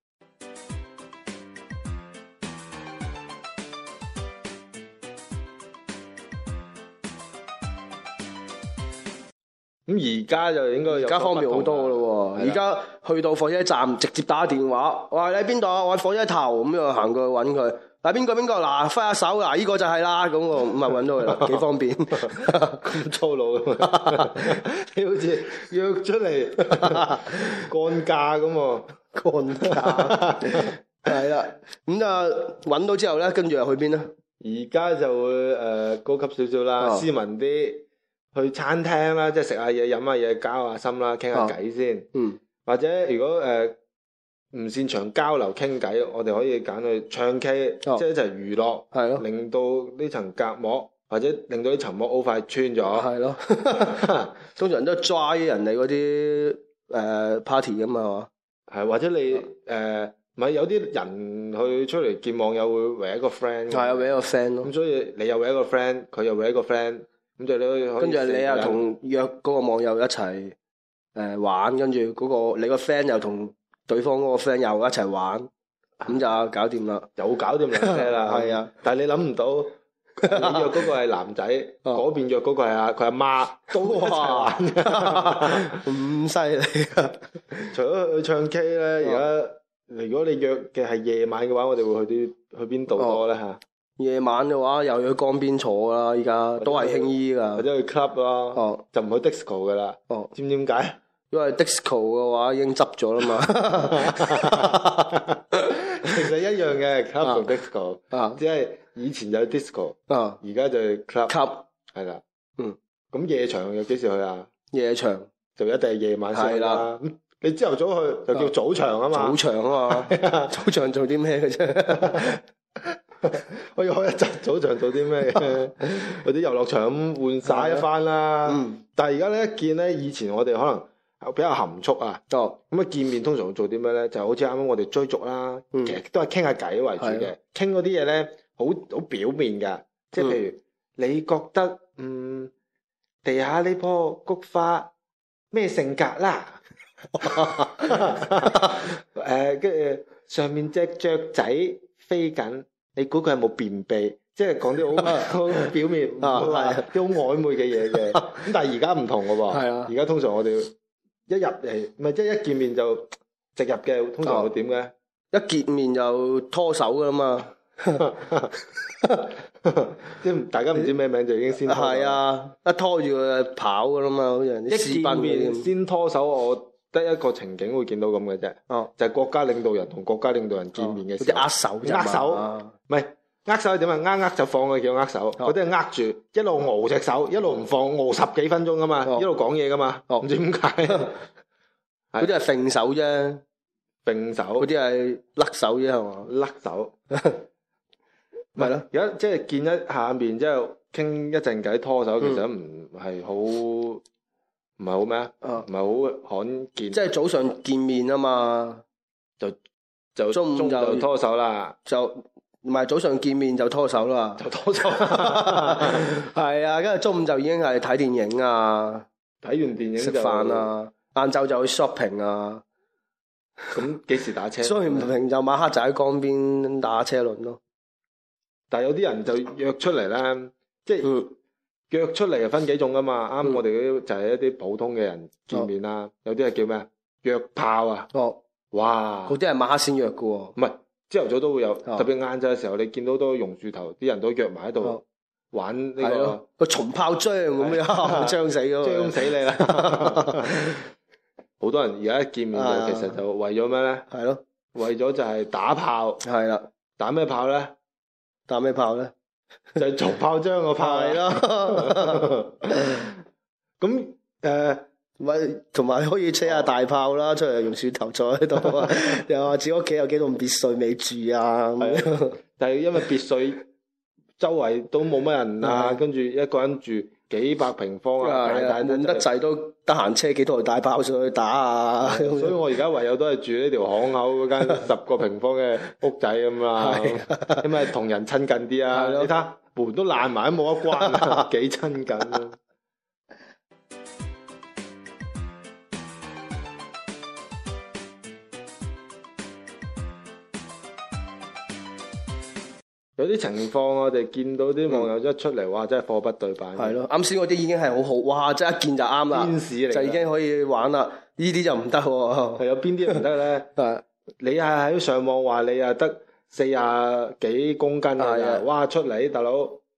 咁而家就應該而家方便好多咯，而家去到火車站直接打電話，話你喺邊度？我喺火車頭，咁又行過去搵佢、啊。啊邊個邊個？嗱揮下手啊，呢、這個就係啦、啊。咁我五啊搵到佢啦，幾方便。咁 (laughs) 粗魯， (laughs) 你好似約出嚟幹架咁 (laughs) 幹架啊？幹架係啦。咁啊搵到之後咧，跟住又去邊咧？而家就會誒高級少少啦，斯文啲。去餐廳啦，即係食下嘢、飲下嘢、交下、啊、心啦，傾下偈先、啊。嗯，或者如果誒唔擅長交流傾偈，我哋可以揀去唱 K、啊、即係一齊娛樂，係咯、嗯，令到呢層隔膜或者令到呢層膜好快穿咗。係咯、啊， (laughs) 通常都 join 人哋嗰啲誒 party 咁嘛，係或者你誒，唔係、uh, 呃、有啲人去出嚟見網友會圍一個 friend，係啊，圍一個 friend 咯。咁、啊、所以你又圍一個 friend，佢又圍一個 friend。嗯咁就你跟住你又同約嗰個網友一齊誒玩，跟住、嗰個你個 friend 又同對方嗰個 friend 又一齊玩，咁、啊、就搞掂啦，又搞掂兩車啦。係 (laughs) 啊，但係你諗唔到， (laughs) 你約嗰個係男仔，嗰邊 (laughs) 約嗰個係阿佢阿媽，哇，咁犀利啊！ (laughs) (laughs) 除咗去唱 K 咧，而家、啊、如果你約嘅係夜晚嘅話，我哋會去啲去邊度多咧吓？啊夜晚嘅話又要去江邊坐啦，依家都係輕衣噶，或者去 club 咯，就唔去 disco 噶啦。知唔知點解？因為 disco 嘅話已經執咗啦嘛。其實一樣嘅 club 同 disco，只係以前就 disco，而家就 club。club 係啦，嗯。咁夜場有幾時去啊？夜場就一定係夜晚先啦。你朝頭早去就叫早場啊嘛。早場啊嘛，早場做啲咩嘅啫？ (laughs) 可以開一早場做啲咩嘅？啲遊樂場咁玩耍一番啦。 (laughs) 嗯、但係而家咧，一見咧，以前我哋可能比較含蓄啊。哦，咁啊見面通常會做啲咩咧？就好似啱啱我哋追逐啦，嗯、其實都係傾下偈為主嘅。傾嗰啲嘢咧，好好表面噶。即係譬如、嗯、你覺得嗯，地下呢棵菊花咩性格啦？誒、 (laughs) (laughs) (laughs) 呃，跟住上面隻雀仔飛緊。你估佢係冇便秘，即係講啲好表面啊，啲好曖昧嘅嘢嘅。咁但係而家唔同噶喎，而家通常我哋一入嚟，唔係即係一見面就直入嘅，通常會點嘅？一見面就拖手噶啦嘛，即大家唔知咩名就已經先係啊，一拖住佢就跑噶啦嘛，好似一見面先拖手，我得一個情景會見到咁嘅啫。哦，就係國家領導人同國家領導人見面嘅，只握手，握手。握手點啊？啱握就放佢叫握手，嗰啲係握住，一路熬隻手，一路唔放，熬十幾分鐘㗎嘛，一路講嘢噶嘛，哦，唔知點解，嗰啲係揈手啫，揈手，嗰啲係甩手啫係嘛？甩手，咪咯。而家即係見一下面之後，傾一陣偈，拖手，其實唔係好，唔係好咩啊？唔係好罕見。即係早上見面啊嘛，就就中午就拖手啦，就。唔係早上見面就拖手啦，就拖手，係啊，跟住中午就已經係睇電影啊，睇完電影食飯啊，晏晝就去 shopping 啊。咁幾 (laughs) 時打車？shopping 完就晚黑就喺江邊打車輪咯，啊。 (laughs) 但係有啲人就約出嚟咧，即係、mm. 約出嚟就分幾種噶嘛。啱我哋就係一啲普通嘅人見面啦，mm. 有啲係叫咩啊？約炮啊！哦，oh. 哇，嗰啲係晚黑先約噶喎，唔係。朝頭早都會有，哦、特別晏晝嘅時候，你見到都榕樹頭，啲人都約埋喺度玩呢、這個個重炮仗咁樣，將死咁啊！將死你啦！好 (laughs) (laughs) 多人而家一見面其實就為咗咩咧？係咯的，為咗就係打炮。係啦的，打咩炮咧？打咩炮咧？就重炮仗個炮咯。咁誒。 (laughs) (laughs) (laughs) 呃唔同埋可以車下大炮啦，出嚟用樹頭坐喺度。啊。又話自己屋企有幾棟別墅未住啊？係，但係因為別墅周圍都冇乜人啊，跟住一個人住幾百平方啊，悶得滯都得閒車幾台大炮上去打啊。所以我而家唯有都係住呢條巷口嗰間十個平方嘅屋仔咁啦，因為同人親近啲啊。你睇門都爛埋冇得關啊，幾親近啊！有啲情況我哋見到啲網友一出嚟，哇！真係貨不對板。係咯，啱先嗰啲已經係好好，哇！真係一見就啱啦，天使嚟就已經可以玩啦。呢啲就唔得喎，係有邊啲唔得咧？你係喺上網話你啊得四十幾公斤啊，的哇！出嚟大佬。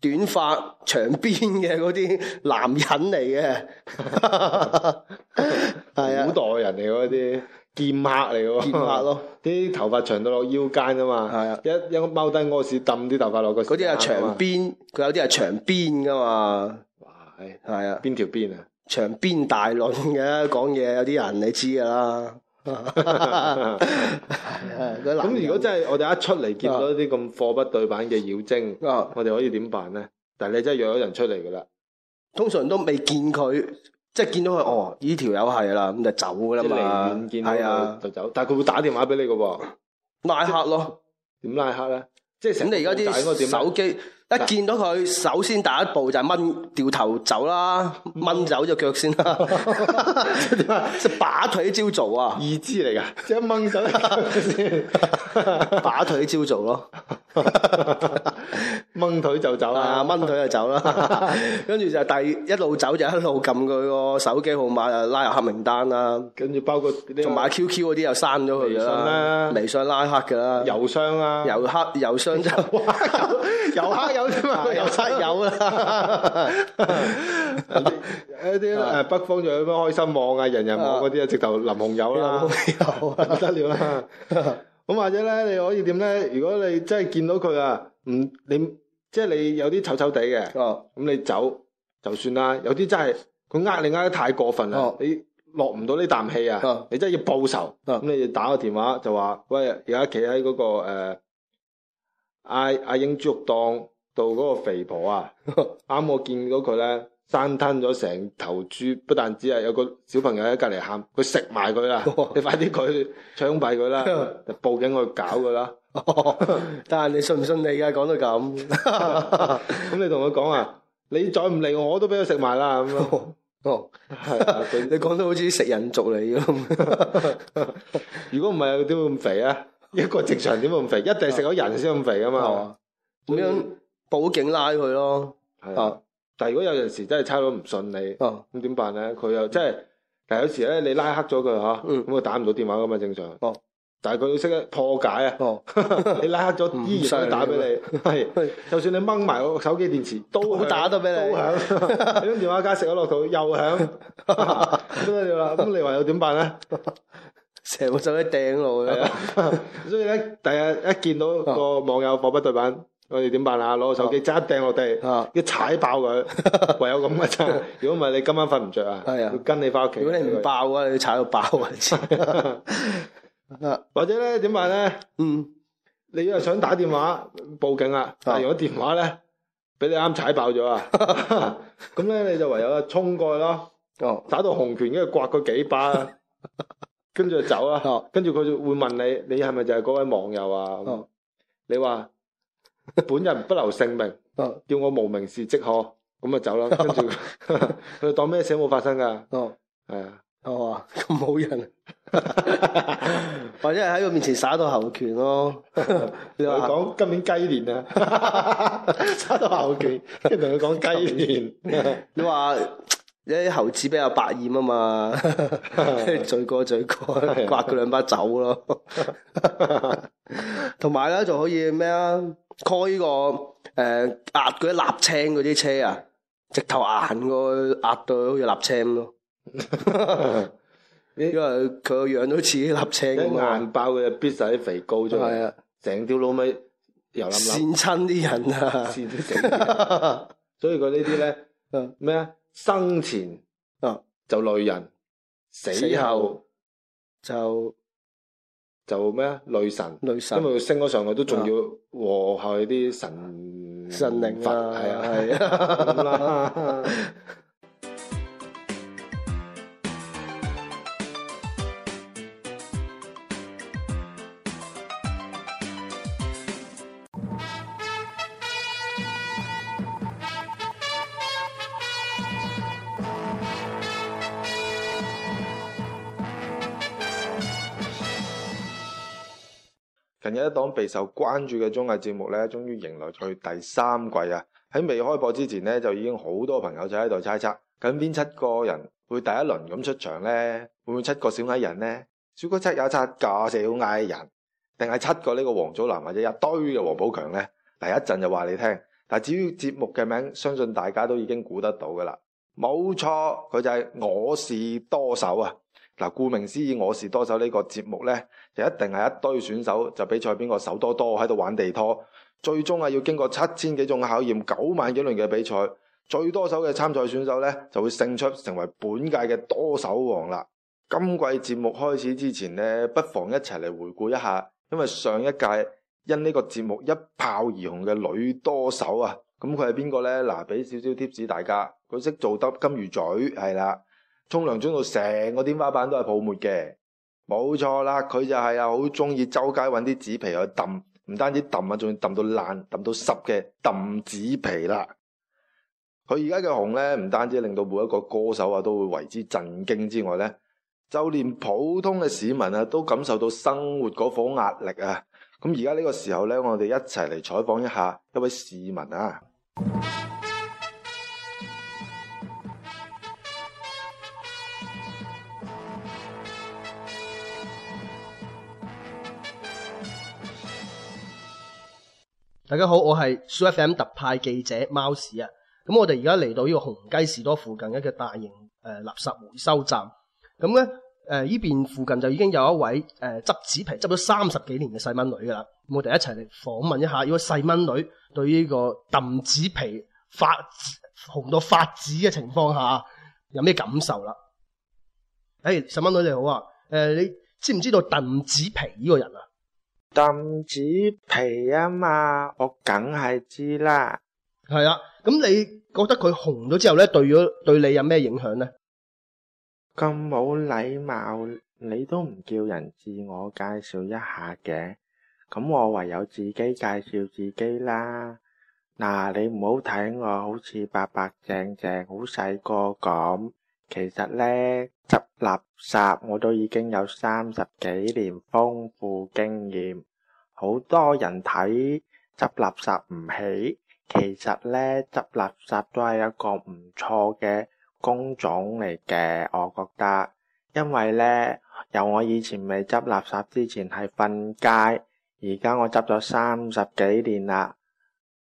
短髮長辮嘅嗰啲男人嚟嘅。係 (laughs) (laughs) 啊，古代人嚟嗰啲劍客嚟嘅，劍客咯，啲頭髮長到落腰間啊嘛，係啊，一一踎低屙屎，時，抌啲頭髮落個，嗰啲係長辮，佢有啲係長辮噶嘛，哇，係係啊，邊條辮啊？長辮大論嘅，講嘢有啲人你知噶啦。咁、 (laughs) 那個、如果真係我哋一出嚟見到啲咁貨不對版嘅妖精，啊、我哋可以點辦咧？但係你真係約咗人出嚟噶啦，通常都未見佢，即係見到佢哦，呢條友係啦，咁就走噶啦嘛。係啊，就走。的但係佢會打電話俾你噶噃，拉黑咯。點拉黑咧？即係咁，你而家啲手機一見到佢，首先第一步就係掹掉頭走啦，掹走隻腳先啦，點 (laughs) 啊？ (laughs) 即係把腿招做啊？二支嚟噶，即係掹走先，把腿招做咯。 (laughs) 掹腿就走啦，掹腿就走啦，跟住，就第一路走就一路撳佢個手機號碼啊，拉入黑名單啦。跟住包括仲買 QQ 嗰啲又刪咗佢啦，微信啦，微信拉黑噶啦，郵箱啊，油黑郵箱就油黑友添啊，油黑友啦。一啲誒，北方仲有咩開心網啊、人人網嗰啲啊，直頭林紅友啦，不得了啦。咁或者咧，你可以點咧？如果你真係見到佢啊～唔，你即係你有啲臭臭地嘅，咁、哦、你走就算啦。有啲真係佢呃你呃得太過分啦，哦、你落唔到呢啖氣啊！哦、你真係要報仇，咁、哦、你就打個電話就話：喂，而家企喺嗰個誒，阿、呃、阿、啊啊啊、英豬肉檔度嗰個肥婆啊，啱 (laughs) 我見到佢咧，生吞咗成頭豬，不但止啊，有個小朋友喺隔籬喊，佢食埋佢啦，哦、你快啲佢槍斃佢啦，啊嗯、報警去搞佢啦。哦、但係你信唔信你噶？講到咁，咁 (laughs) (laughs) 你同佢講啊，你再唔嚟，我都俾佢食埋啦。咁樣，哦，係你講到好似食人族嚟咁。 (laughs) 如果唔係，點會咁肥啊？一個正常點會咁肥？一定食咗人先咁肥噶嘛？咁、啊、以樣報警拉佢咯。係啊，但係如果有陣時真係差佬唔信你，咁點、啊、辦咧？佢又即係，但係有時咧，你拉黑咗佢嗬，咁佢打唔到電話噶嘛？正常，常。嗯但係佢都識得破解啊！你拉黑咗依然可以打俾你，係就算你掹埋個手機電池都打得俾你。你將電話卡食咗落肚又響，咁你話咁你話我點辦咧？成部手機掟落去嘅，所以咧第日一見到個網友貨不對版，我哋點辦啊？攞個手機揸掟落地，要踩爆佢，唯有咁嘅啫。如果唔係你今晚瞓唔着啊？要跟你翻屋企。如果你唔爆嘅話，你踩到爆啊！ (music) 或者咧點辦咧？嗯，你又想打電話報警啊？啊但係如果電話咧俾你啱踩爆咗啊，咁咧、 (laughs) 嗯 (laughs) 嗯、你就唯有啊衝過去咯。哦，打到紅拳跟住刮佢幾把，跟住 (laughs) 就走啦、啊。跟住佢就會問你，你係咪就係嗰位網友啊？你話、啊、 (laughs) 本人不留姓名，叫我無名氏即可，咁就走啦、啊。跟住佢當咩事冇發生噶。哦，係啊。哦，咁冇人。嗯 (laughs) (laughs) 或者喺佢面前耍到猴拳咯，同佢講今年雞年啊，耍到猴拳，即係同佢講雞年。 (laughs) (laughs) 你話啲猴子比較百厭啊嘛， (laughs) 罪過罪過，刮佢兩把酒咯 (laughs) 呢。同埋咧，仲可以咩啊？開、這個誒壓嗰啲瀝青嗰啲車啊，直頭壓個壓到，到好似瀝青咁咯。 (laughs) 因為佢個樣都似粒青，硬爆嘅，必晒啲肥膏出嚟，成條老米又淋淋。羨親啲人啊！所以佢呢啲咧，咩啊？生前就累人，死後就就咩啊？累神，累神，因為佢升咗上去都仲要和諧啲神神靈啊，係啊。另一檔備受關注嘅綜藝節目咧，終於迎來佢第三季啊！喺未開播之前咧，就已經好多朋友就喺度猜測，咁邊七個人會第一輪咁出場呢？會唔會七個小矮人呢？小哥七有七架小矮人，定係七個呢個王祖藍或者一堆嘅王寶強呢？第一陣就話你聽。但至於節目嘅名，相信大家都已經估得到噶啦。冇錯，佢就係《我是多手》啊！嗱，顧名思義，我是多手呢個節目咧，就一定係一堆選手就比賽邊個手多多喺度玩地拖，最終啊要經過七千幾種考驗、九萬幾輪嘅比賽，最多手嘅參賽選手咧就會勝出，成為本屆嘅多手王啦。今季節目開始之前咧，不妨一齊嚟回顧一下，因為上一屆因呢個節目一炮而紅嘅女多手啊，咁佢係邊個咧？嗱，俾少少貼士大家，佢識做得金魚嘴，係啦。沖涼沖到成個天花板都係泡沫嘅，冇錯啦！佢就係啊，好中意周街揾啲紙皮去揼，唔單止揼，啊，仲要揼到爛、揼到濕嘅揼紙皮啦！佢而家嘅紅咧，唔單止令到每一個歌手啊都會為之震驚之外咧，就連普通嘅市民啊都感受到生活嗰股壓力啊！咁而家呢個時候咧，我哋一齊嚟採訪一下一位市民啊！大家好，我係 SooFM 特派記者貓屎啊！咁我哋而家嚟到呢個紅雞士多附近一個大型誒垃圾回收站，咁呢，誒呢邊附近就已經有一位誒執紙皮執咗三十幾年嘅細蚊女噶啦，我哋一齊嚟訪問一下如果細蚊女對於呢個鄧紙皮發紅到發紫嘅情況下有咩感受啦，啊？誒，細蚊女你好啊！誒，你知唔知道鄧紙皮呢個人啊？鄧紫皮啊嘛，我梗係知啦。係啊，咁你覺得佢紅咗之後咧，對咗對你有咩影響呢？咁冇禮貌，你都唔叫人自我介紹一下嘅。咁我唯有自己介紹自己啦。嗱，你唔好睇我好似白白淨淨、好細個咁。其實呢，執垃圾我都已經有三十幾年豐富經驗。好多人睇執垃圾唔起，其實呢，執垃圾都係一個唔錯嘅工種嚟嘅，我覺得。因為呢，由我以前未執垃圾之前係瞓街，而家我執咗三十幾年啦，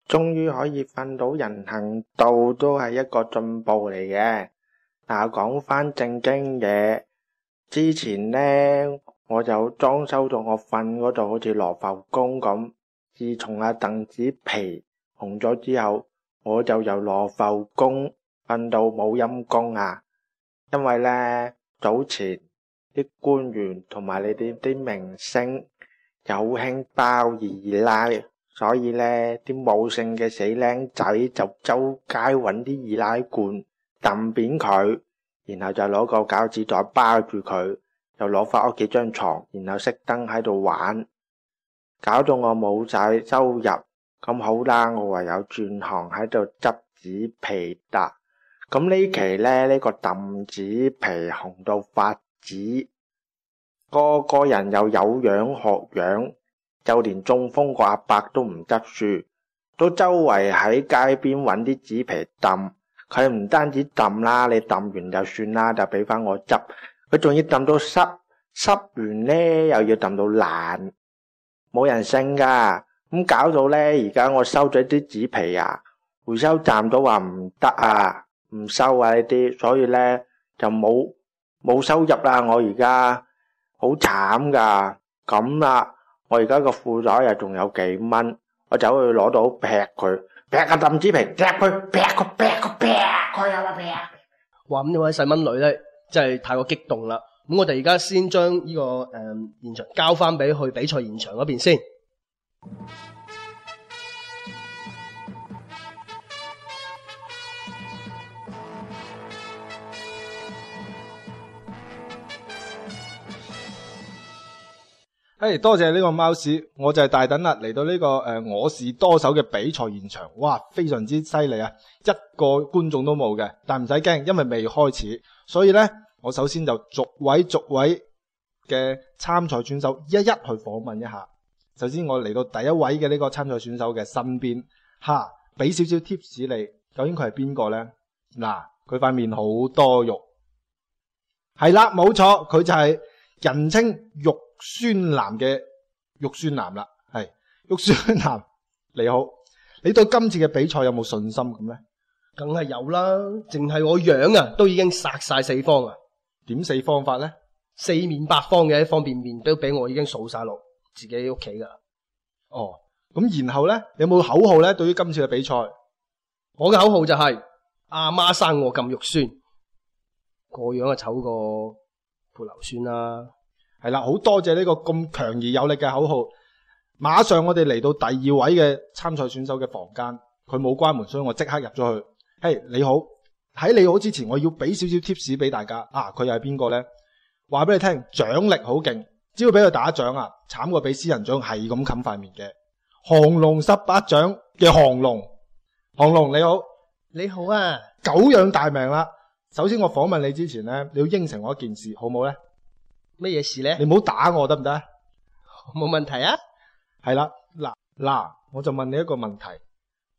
終於可以瞓到人行道，都係一個進步嚟嘅。嗱，講翻正經嘢，之前呢，我就裝修到我瞓嗰度，好似羅浮宮咁。自從阿鄧子皮紅咗之後，我就由羅浮宮瞓到冇陰功啊。因為呢，早前啲官員同埋你哋啲明星有興包二奶，所以呢，啲冇性嘅死僆仔就周街揾啲二奶罐。揼扁佢，然後就攞個餃子袋包住佢，又攞翻屋企張床，然後熄燈喺度玩，搞到我冇晒收入咁。好啦，我唯有轉行喺度執紙皮啦。咁呢期咧，呢個揼紙皮紅到發紫，個個人又有樣學樣，就連中風個阿伯都唔執輸，都周圍喺街邊揾啲紙皮揼。佢唔單止揼啦，你揼完就算啦，就俾翻我執。佢仲要揼到濕，濕完呢，又要揼到爛，冇人性噶。咁搞到呢，而家我收咗啲紙皮啊，回收站都話唔得啊，唔收啊呢啲，所以呢，就冇冇收入啦。我而家好慘噶，咁啦，我而家個褲袋又仲有幾蚊，我走去攞到劈佢。劈個冧紙皮，劈佢，劈個劈個劈，佢又話劈。哇，咁呢位細蚊女咧，真係太過激動啦。咁我哋而家先將呢個誒現場交翻俾去比賽現場嗰邊先。誒，hey, 多謝呢個貓屎，我就係大等啦，嚟到呢、呢個誒、呃、我是多手嘅比賽現場，哇，非常之犀利啊！一個觀眾都冇嘅，但唔使驚，因為未開始，所以呢，我首先就逐位逐位嘅參賽選手一一去訪問一下。首先我嚟到第一位嘅呢個參賽選手嘅身邊，吓，俾少少 tips 你，究竟佢係邊個呢？嗱，佢塊面好多肉，係啦，冇錯，佢就係人稱肉。肉酸男嘅肉酸男啦，係肉酸男，你好，你對今次嘅比賽有冇信心咁呢？梗係有啦，淨係我樣啊，都已經殺晒四方啊，點四方法呢？四面八方嘅方便麵,麵都俾我已經掃晒落自己屋企噶啦。哦，咁然後呢，有冇口號呢？對於今次嘅比賽，我嘅口號就係、是、阿媽,媽生我咁肉酸，個樣啊醜過潑硫酸啦、啊。係啦，好多謝呢個咁強而有力嘅口號。馬上我哋嚟到第二位嘅參賽選手嘅房間，佢冇關門，所以我即刻入咗去。嘿、hey，你好！喺你好之前，我要俾少少 tips 俾大家。啊，佢又係邊個呢？話俾你聽，掌力好勁，只要俾佢打掌啊，慘過俾私人掌，係咁冚塊面嘅。降龍十八掌嘅降龍，降龍你好，你好啊，久仰大名啦。首先我訪問你之前呢，你要應承我一件事，好唔好咧？咩嘢事咧？你唔好打我得唔得？冇問題啊。係啦， (laughs) 嗱嗱，我就問你一個問題：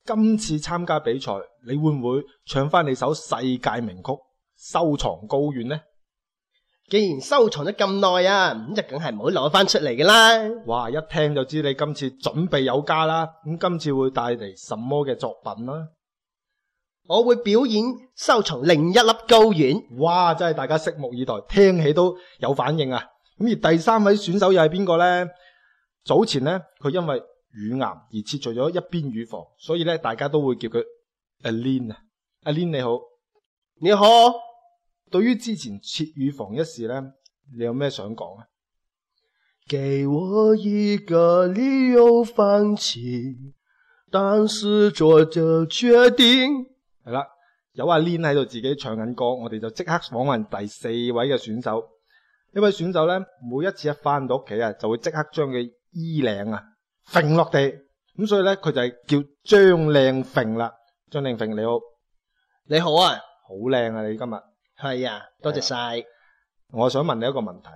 今次參加比賽，你會唔會唱翻你首世界名曲《收藏高原》呢？既然收藏咗咁耐啊，咁就梗係唔會攞翻出嚟噶啦。哇！一聽就知你今次準備有加啦。咁今次會帶嚟什麼嘅作品啦、啊？我會表演收藏另一粒高丸。哇！真係大家拭目以待，聽起都有反應啊。咁而第三位選手又係邊個呢？早前呢，佢因為乳癌而切除咗一邊乳房，所以呢，大家都會叫佢阿 Lin 啊。阿 Lin 你好，你好。對於之前切乳房一事呢，你有咩想講啊？給我一個理由係啦，有阿 Lin 喺度自己唱緊歌，我哋就即刻訪問第四位嘅選手。呢位選手呢，每一次一翻到屋企啊，就會即刻將佢衣領啊揈落地，咁所以呢，佢就係叫張靚揈啦。張靚揈你好，你好啊，好靚啊！你今日係呀，多謝晒，啊。我想問你一個問題，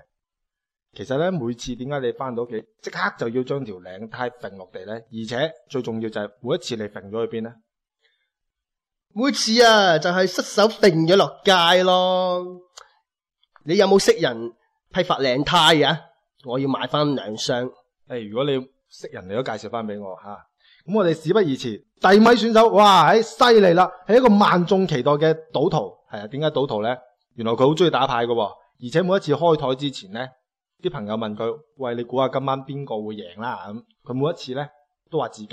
其實呢，每次點解你翻到屋企即刻就要將條領呔揈落地呢？而且最重要就係每一次你揈咗去邊呢？每次啊，就係、是、失手掟咗落街咯。你有冇識人批發靚胎啊？我要買翻兩箱。誒，如果你識人你，你都介紹翻俾我吓。咁我哋事不宜遲。第二位選手，哇，喺犀利啦，係一個萬眾期待嘅賭徒，係啊？點解賭徒呢？原來佢好中意打牌噶，而且每一次開台之前呢，啲朋友問佢：喂，你估下今晚邊個會贏啦？咁、啊、佢每一次呢，都話自己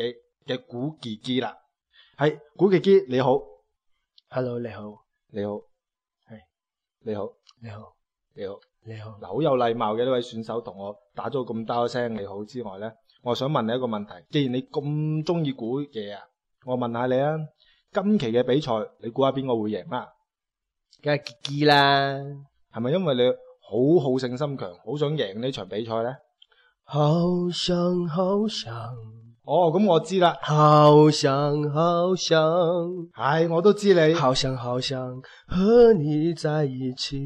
嘅估自己啦。係古杰杰你好，Hello，你好，你好，係你好，你好，你好，你好。嗱，好有禮貌嘅呢位選手同我打咗咁多聲你好之外咧，我想問你一個問題。既然你咁中意估嘢啊，我問下你啊，今期嘅比賽你估下邊個會贏啊？梗係杰杰啦。係咪因為你好好勝心強，好想贏呢場比賽咧？哦，咁我知啦。好想好想，係我都知你。好想好想和你在一起，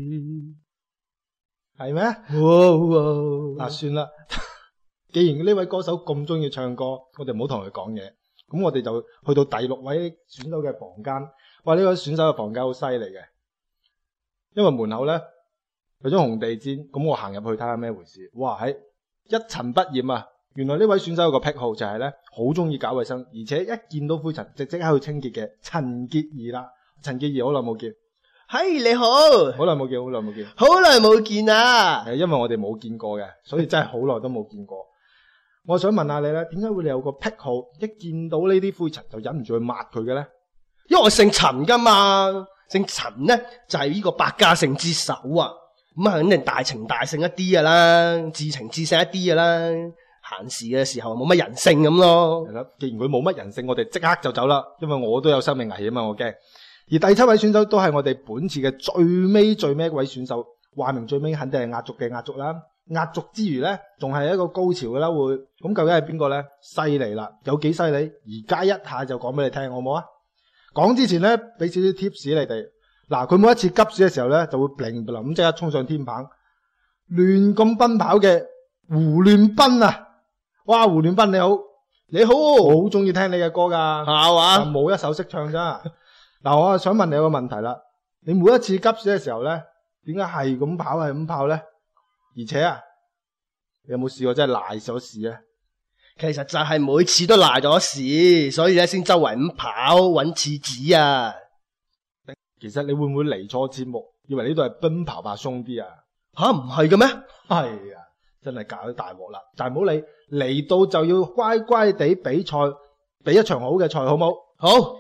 係咩？嗱，算啦，既然呢位歌手咁中意唱歌，我哋唔好同佢講嘢。咁我哋就去到第六位選手嘅房間。哇，呢位選手嘅房間好犀利嘅，因為門口呢，有張紅地氈。咁我行入去睇下咩回事。哇，喺一塵不染啊！原來呢位選手有個癖好就呢，就係咧好中意搞衛生，而且一見到灰塵就即刻去清潔嘅。陳潔儀啦，陳潔儀好耐冇見，嘿你好，好耐冇見，好耐冇見，好耐冇見啊！因為我哋冇見過嘅，所以真係好耐都冇見過。 (laughs) 我想問下你咧，點解會你有個癖好，一見到呢啲灰塵就忍唔住去抹佢嘅咧？因為我姓陳噶嘛，姓陳咧就係、是、呢個百家姓之首啊，咁啊肯定大情大性一啲噶啦，至情至性一啲噶啦。辦事嘅時候冇乜人性咁咯。係啦，既然佢冇乜人性，我哋即刻就走啦。因為我都有生命危險啊嘛，我驚。而第七位選手都係我哋本次嘅最尾最尾一位選手，話明最尾肯定係壓軸嘅壓軸啦。壓軸之餘呢，仲係一個高潮嘅啦，會咁究竟係邊個呢？犀利啦，有幾犀利？而家一下就講俾你聽好唔好啊？講之前呢，俾少少貼士你哋嗱，佢每一次急屎嘅時候呢，就會 pling 咁即刻衝上天棚，亂咁奔跑嘅胡亂奔啊！哇，胡亂奔，你好，你好，我好中意聽你嘅歌噶吓哇，冇、啊、一首識唱咋？嗱， (laughs) 我想問你有個問題啦，你每一次急屎嘅時候咧，點解係咁跑係咁跑咧？而且啊，你有冇試過真係賴咗屎啊？其實就係每次都賴咗屎，所以咧先周圍咁跑揾廁紙啊。其實你會唔會嚟錯節目？以為呢度係奔跑吧兄弟啊？吓唔係嘅咩？係啊。真係搞到大鑊啦！但係唔好理，嚟到就要乖乖地比賽，比一場好嘅賽，好冇？好，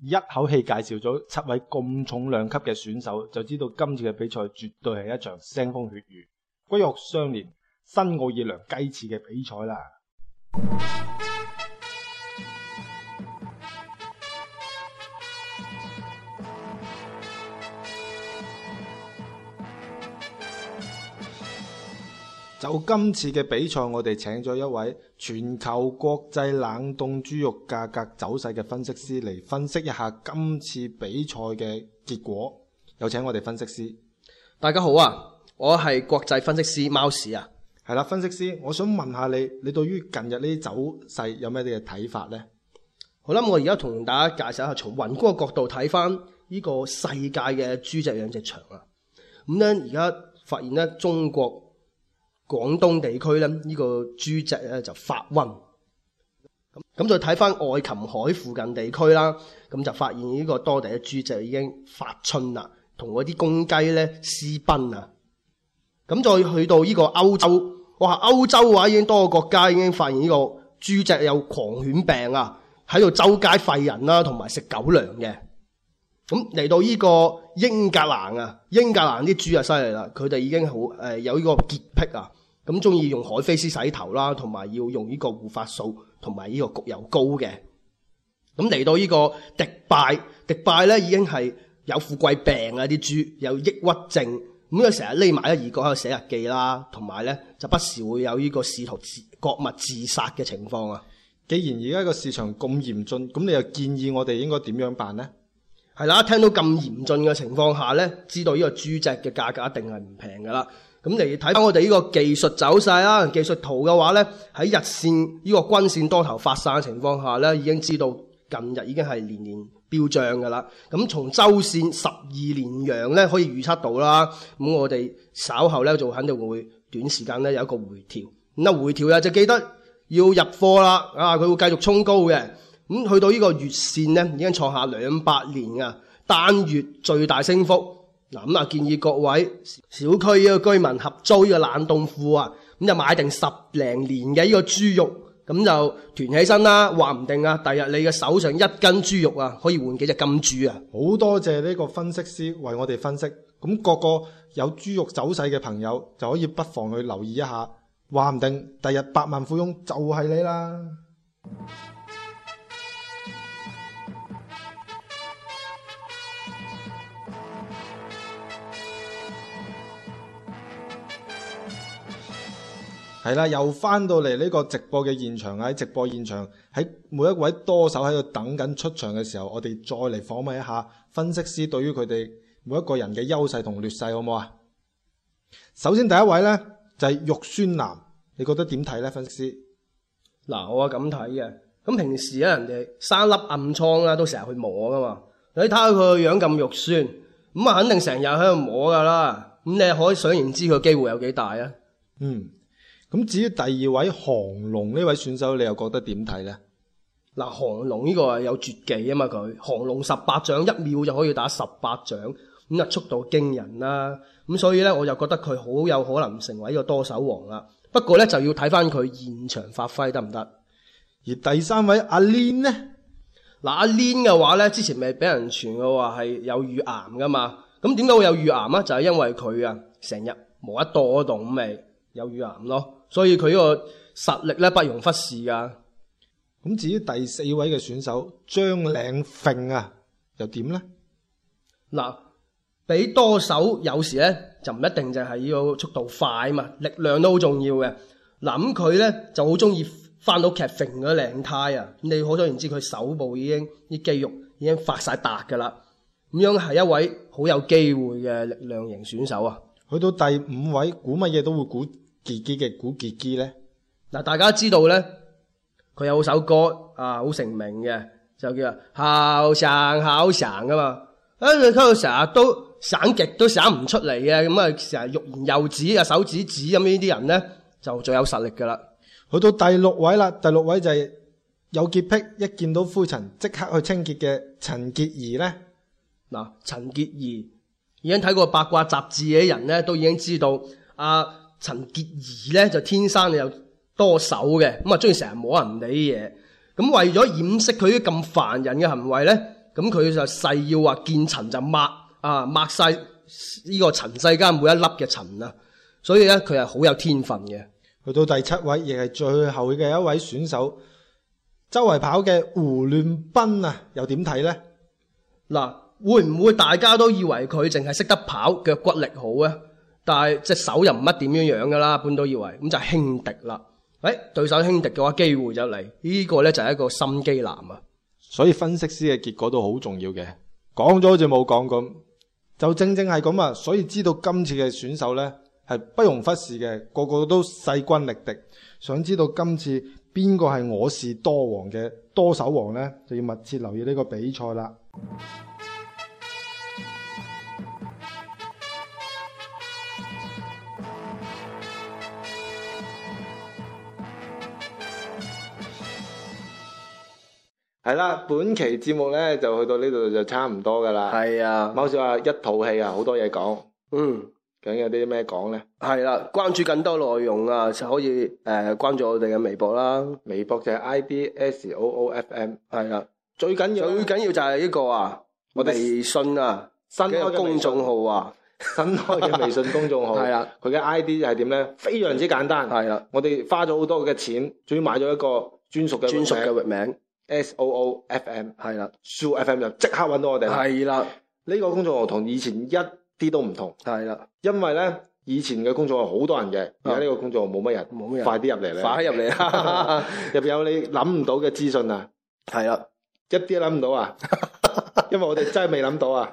一口氣介紹咗七位咁重量級嘅選手，就知道今次嘅比賽絕對係一場腥風血雨、骨肉相連、新奧爾良雞翅嘅比賽啦！ (music) 有今次嘅比賽，我哋請咗一位全球國際冷凍豬肉價格走勢嘅分析師嚟分析一下今次比賽嘅結果。有請我哋分析師。大家好啊，我係國際分析師貓屎啊。係啦，分析師，我想問下你，你對於近日呢啲走勢有咩嘅睇法呢？好啦，我而家同大家介紹下，從宏觀角度睇翻呢個世界嘅豬隻養殖場啊。咁咧，而家發現呢中國。廣東地區咧，呢個豬隻咧就發瘟咁。咁，再睇返愛琴海附近地區啦，咁就發現呢個多地嘅豬隻已經發春啦，同嗰啲公雞咧私奔啊。咁再去到呢個歐洲，哇！歐洲嘅話已經多個國家已經發現呢個豬隻有狂犬病啊，喺度周街吠人啦，同埋食狗糧嘅。咁嚟到呢個英格蘭啊，英格蘭啲豬啊犀利啦，佢哋已經好誒、呃、有呢個潔癖啊，咁中意用海飛絲洗頭啦，同埋要用呢個護髮素同埋呢個焗油膏嘅。咁嚟到呢個迪拜，迪拜咧已經係有富貴病啊，啲豬有抑鬱症，咁佢成日匿埋一二角喺度寫日記啦，同埋咧就不時會有呢個試圖自割脈自殺嘅情況啊。既然而家個市場咁嚴峻，咁你又建議我哋應該點樣辦呢？係啦，聽到咁嚴峻嘅情況下咧，知道呢個豬隻嘅價格一定係唔平噶啦。咁嚟睇翻我哋呢個技術走勢啦、啊，技術圖嘅話咧，喺日線呢個均線多頭發散嘅情況下咧，已經知道近日已經係年年飆漲噶啦。咁從周線十二連陽咧，可以預測到啦。咁我哋稍後咧就肯定會短時間咧有一個回調。咁啊回調呀就記得要入貨啦。啊，佢會繼續衝高嘅。咁去到呢個月線呢，已經創下兩百年嘅單月最大升幅。嗱、啊，咁啊建議各位小區呢個居民合租呢個冷凍庫啊，咁、啊、就買定十零年嘅呢個豬肉，咁就囤起身啦。話唔定啊，第日你嘅手上一斤豬肉啊，可以換幾隻金豬啊！好多謝呢個分析師為我哋分析，咁、那個個有豬肉走勢嘅朋友就可以不妨去留意一下，話唔定第日百萬富翁就係你啦。係啦，又翻到嚟呢個直播嘅現場。喺直播現場，喺每一位多手喺度等緊出場嘅時候，我哋再嚟訪問一下分析師對於佢哋每一個人嘅優勢同劣勢，好唔好啊？首先第一位呢，就係肉酸男，你覺得點睇呢？分析師？嗱，我啊咁睇嘅。咁平時咧，人哋生粒暗瘡啦，都成日去摸噶嘛。你睇下佢個樣咁肉酸，咁啊肯定成日喺度摸噶啦。咁你可以想而知佢機會有幾大啊？嗯。咁至於第二位降龍呢位選手，你又覺得點睇呢？嗱，降龍呢個係有絕技啊嘛，佢降龍十八掌一秒就可以打十八掌，咁啊速度驚人啦。咁所以呢，我就覺得佢好有可能成為一個多手王啦。不過呢，就要睇翻佢現場發揮得唔得。行行而第三位阿 Lin 呢，嗱，阿 Lin 嘅話呢，之前咪俾人傳嘅話係有乳癌噶嘛。咁點解會有乳癌啊？就係、是、因為佢啊成日無一啦動咁咪有乳癌咯。所以佢呢個實力咧，不容忽視噶。咁至於第四位嘅選手張領揈啊，又點咧？嗱，俾多手有時咧，就唔一定就係要速度快啊嘛，力量都好重要嘅。嗱，咁佢咧就好中意翻到劇揈嗰個領呔啊。你可想而知，佢手部已經啲肌肉已經發晒達噶啦。咁樣係一位好有機會嘅力量型選手啊。去到第五位，估乜嘢都會估。傑基嘅古巨基咧，嗱，大家知道咧，佢有首歌啊，好成名嘅，就叫《好想好想》噶嘛，啊佢成日都省極都省唔出嚟嘅，咁啊成日欲言又止啊，手指指咁呢啲人咧就最有實力噶啦。去到第六位啦，第六位就係有潔癖，一見到灰塵即刻去清潔嘅陳潔儀咧。嗱、呃，陳潔儀已經睇過八卦雜誌嘅人咧，都已經知道啊。陳潔儀咧就天生有多手嘅，咁啊中意成日摸人哋嘢，咁為咗掩飾佢啲咁煩人嘅行為咧，咁佢就誓要話見塵就抹，啊抹晒呢個塵世間每一粒嘅塵啊，所以咧佢係好有天分嘅。去到第七位，亦係最後嘅一位選手，周圍跑嘅胡亂奔啊，又點睇咧？嗱，會唔會大家都以為佢淨係識得跑，腳骨力好啊？但係隻手又唔乜點樣樣噶啦，一般都以為咁就輕敵啦。誒、哎，對手輕敵嘅話，機會就嚟。呢、這個呢就係、是、一個心機男啊。所以分析師嘅結果都好重要嘅。講咗好似冇講咁，就正正係咁啊。所以知道今次嘅選手呢係不容忽視嘅，個個都勢均力敵。想知道今次邊個係我是多王嘅多手王呢，就要密切留意呢個比賽啦。係啦，本期節目咧就去到呢度就差唔多噶啦。係啊，好似話一套戲啊，好多嘢講。嗯，究竟有啲咩講咧？係啦，關注更多內容啊，就可以誒關注我哋嘅微博啦。微博就係 ID S O O F M。係啦，最緊要最緊要就係呢個啊，我哋微信啊，新開公眾號啊，新開嘅微信公眾號。係啦，佢嘅 I D 係點咧？非常之簡單。係啦，我哋花咗好多嘅錢，仲要買咗一個專屬嘅域名。S, S O O F M 係啦，S O F M 就即刻揾到我哋。係啦的，呢個工作號同以前一啲都唔同。係啦的，因為咧以前嘅工作號好多人嘅，而家呢個工作號冇乜人，冇乜人，快啲入嚟啦，快啲入嚟啦，入 (laughs) 邊 (laughs) 有你諗唔到嘅資訊啊！係啦。 (laughs) 一啲諗唔到啊，因為我哋真係未諗到啊，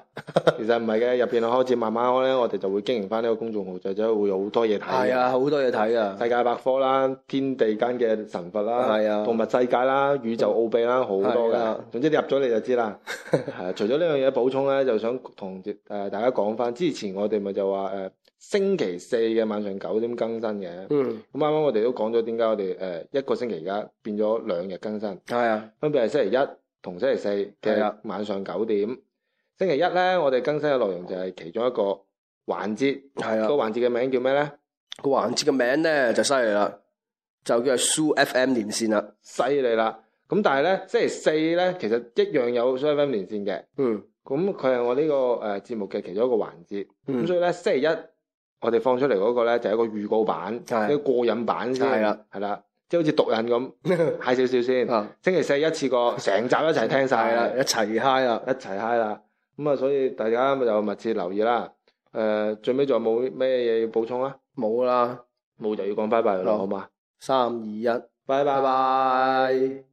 其實唔係嘅，入邊開始慢慢咧，我哋就會經營翻呢個公眾號，就真係會有好多嘢睇。係啊，好多嘢睇啊，世界百科啦，天地間嘅神佛啦，係啊，動物世界啦，宇宙奧秘啦，好、嗯、多噶。啊、總之你入咗你就知啦。係 (laughs) 啊，除咗呢樣嘢補充咧，就想同誒、呃、大家講翻，之前我哋咪就話誒、呃、星期四嘅晚上九點更新嘅。嗯。咁啱啱我哋都講咗點解我哋誒、呃、一個星期而家變咗兩日更新。係啊的。 (laughs) 分別係星期一。同星期四嘅晚上九點，的星期一咧，我哋更新嘅內容就係其中一個環節。的個環節嘅名叫咩咧？個環節嘅名咧就犀利啦，就叫係 Soo FM 連線啦。犀利啦！咁但係咧，星期四咧，其實一樣有 Soo FM 連線嘅。嗯。咁佢係我呢個誒節目嘅其中一個環節。咁所以咧，嗯、星期一我哋放出嚟嗰個咧就係一個預告版，的一個過癮版先。係啦。係啦。即好似讀人咁 high 少少先。 (laughs) (laughs) (laughs) 星期四一次過，成 (laughs) 集一齊聽晒啦， (laughs) 一齊 high 啦，一齊 high 啦。咁啊、 (laughs) 嗯，所以大家就密切留意啦。誒、呃，最尾仲有冇咩嘢要補充啊？冇啦，冇就要講拜拜 e 啦，哦、好嘛吧？三二一，拜拜。e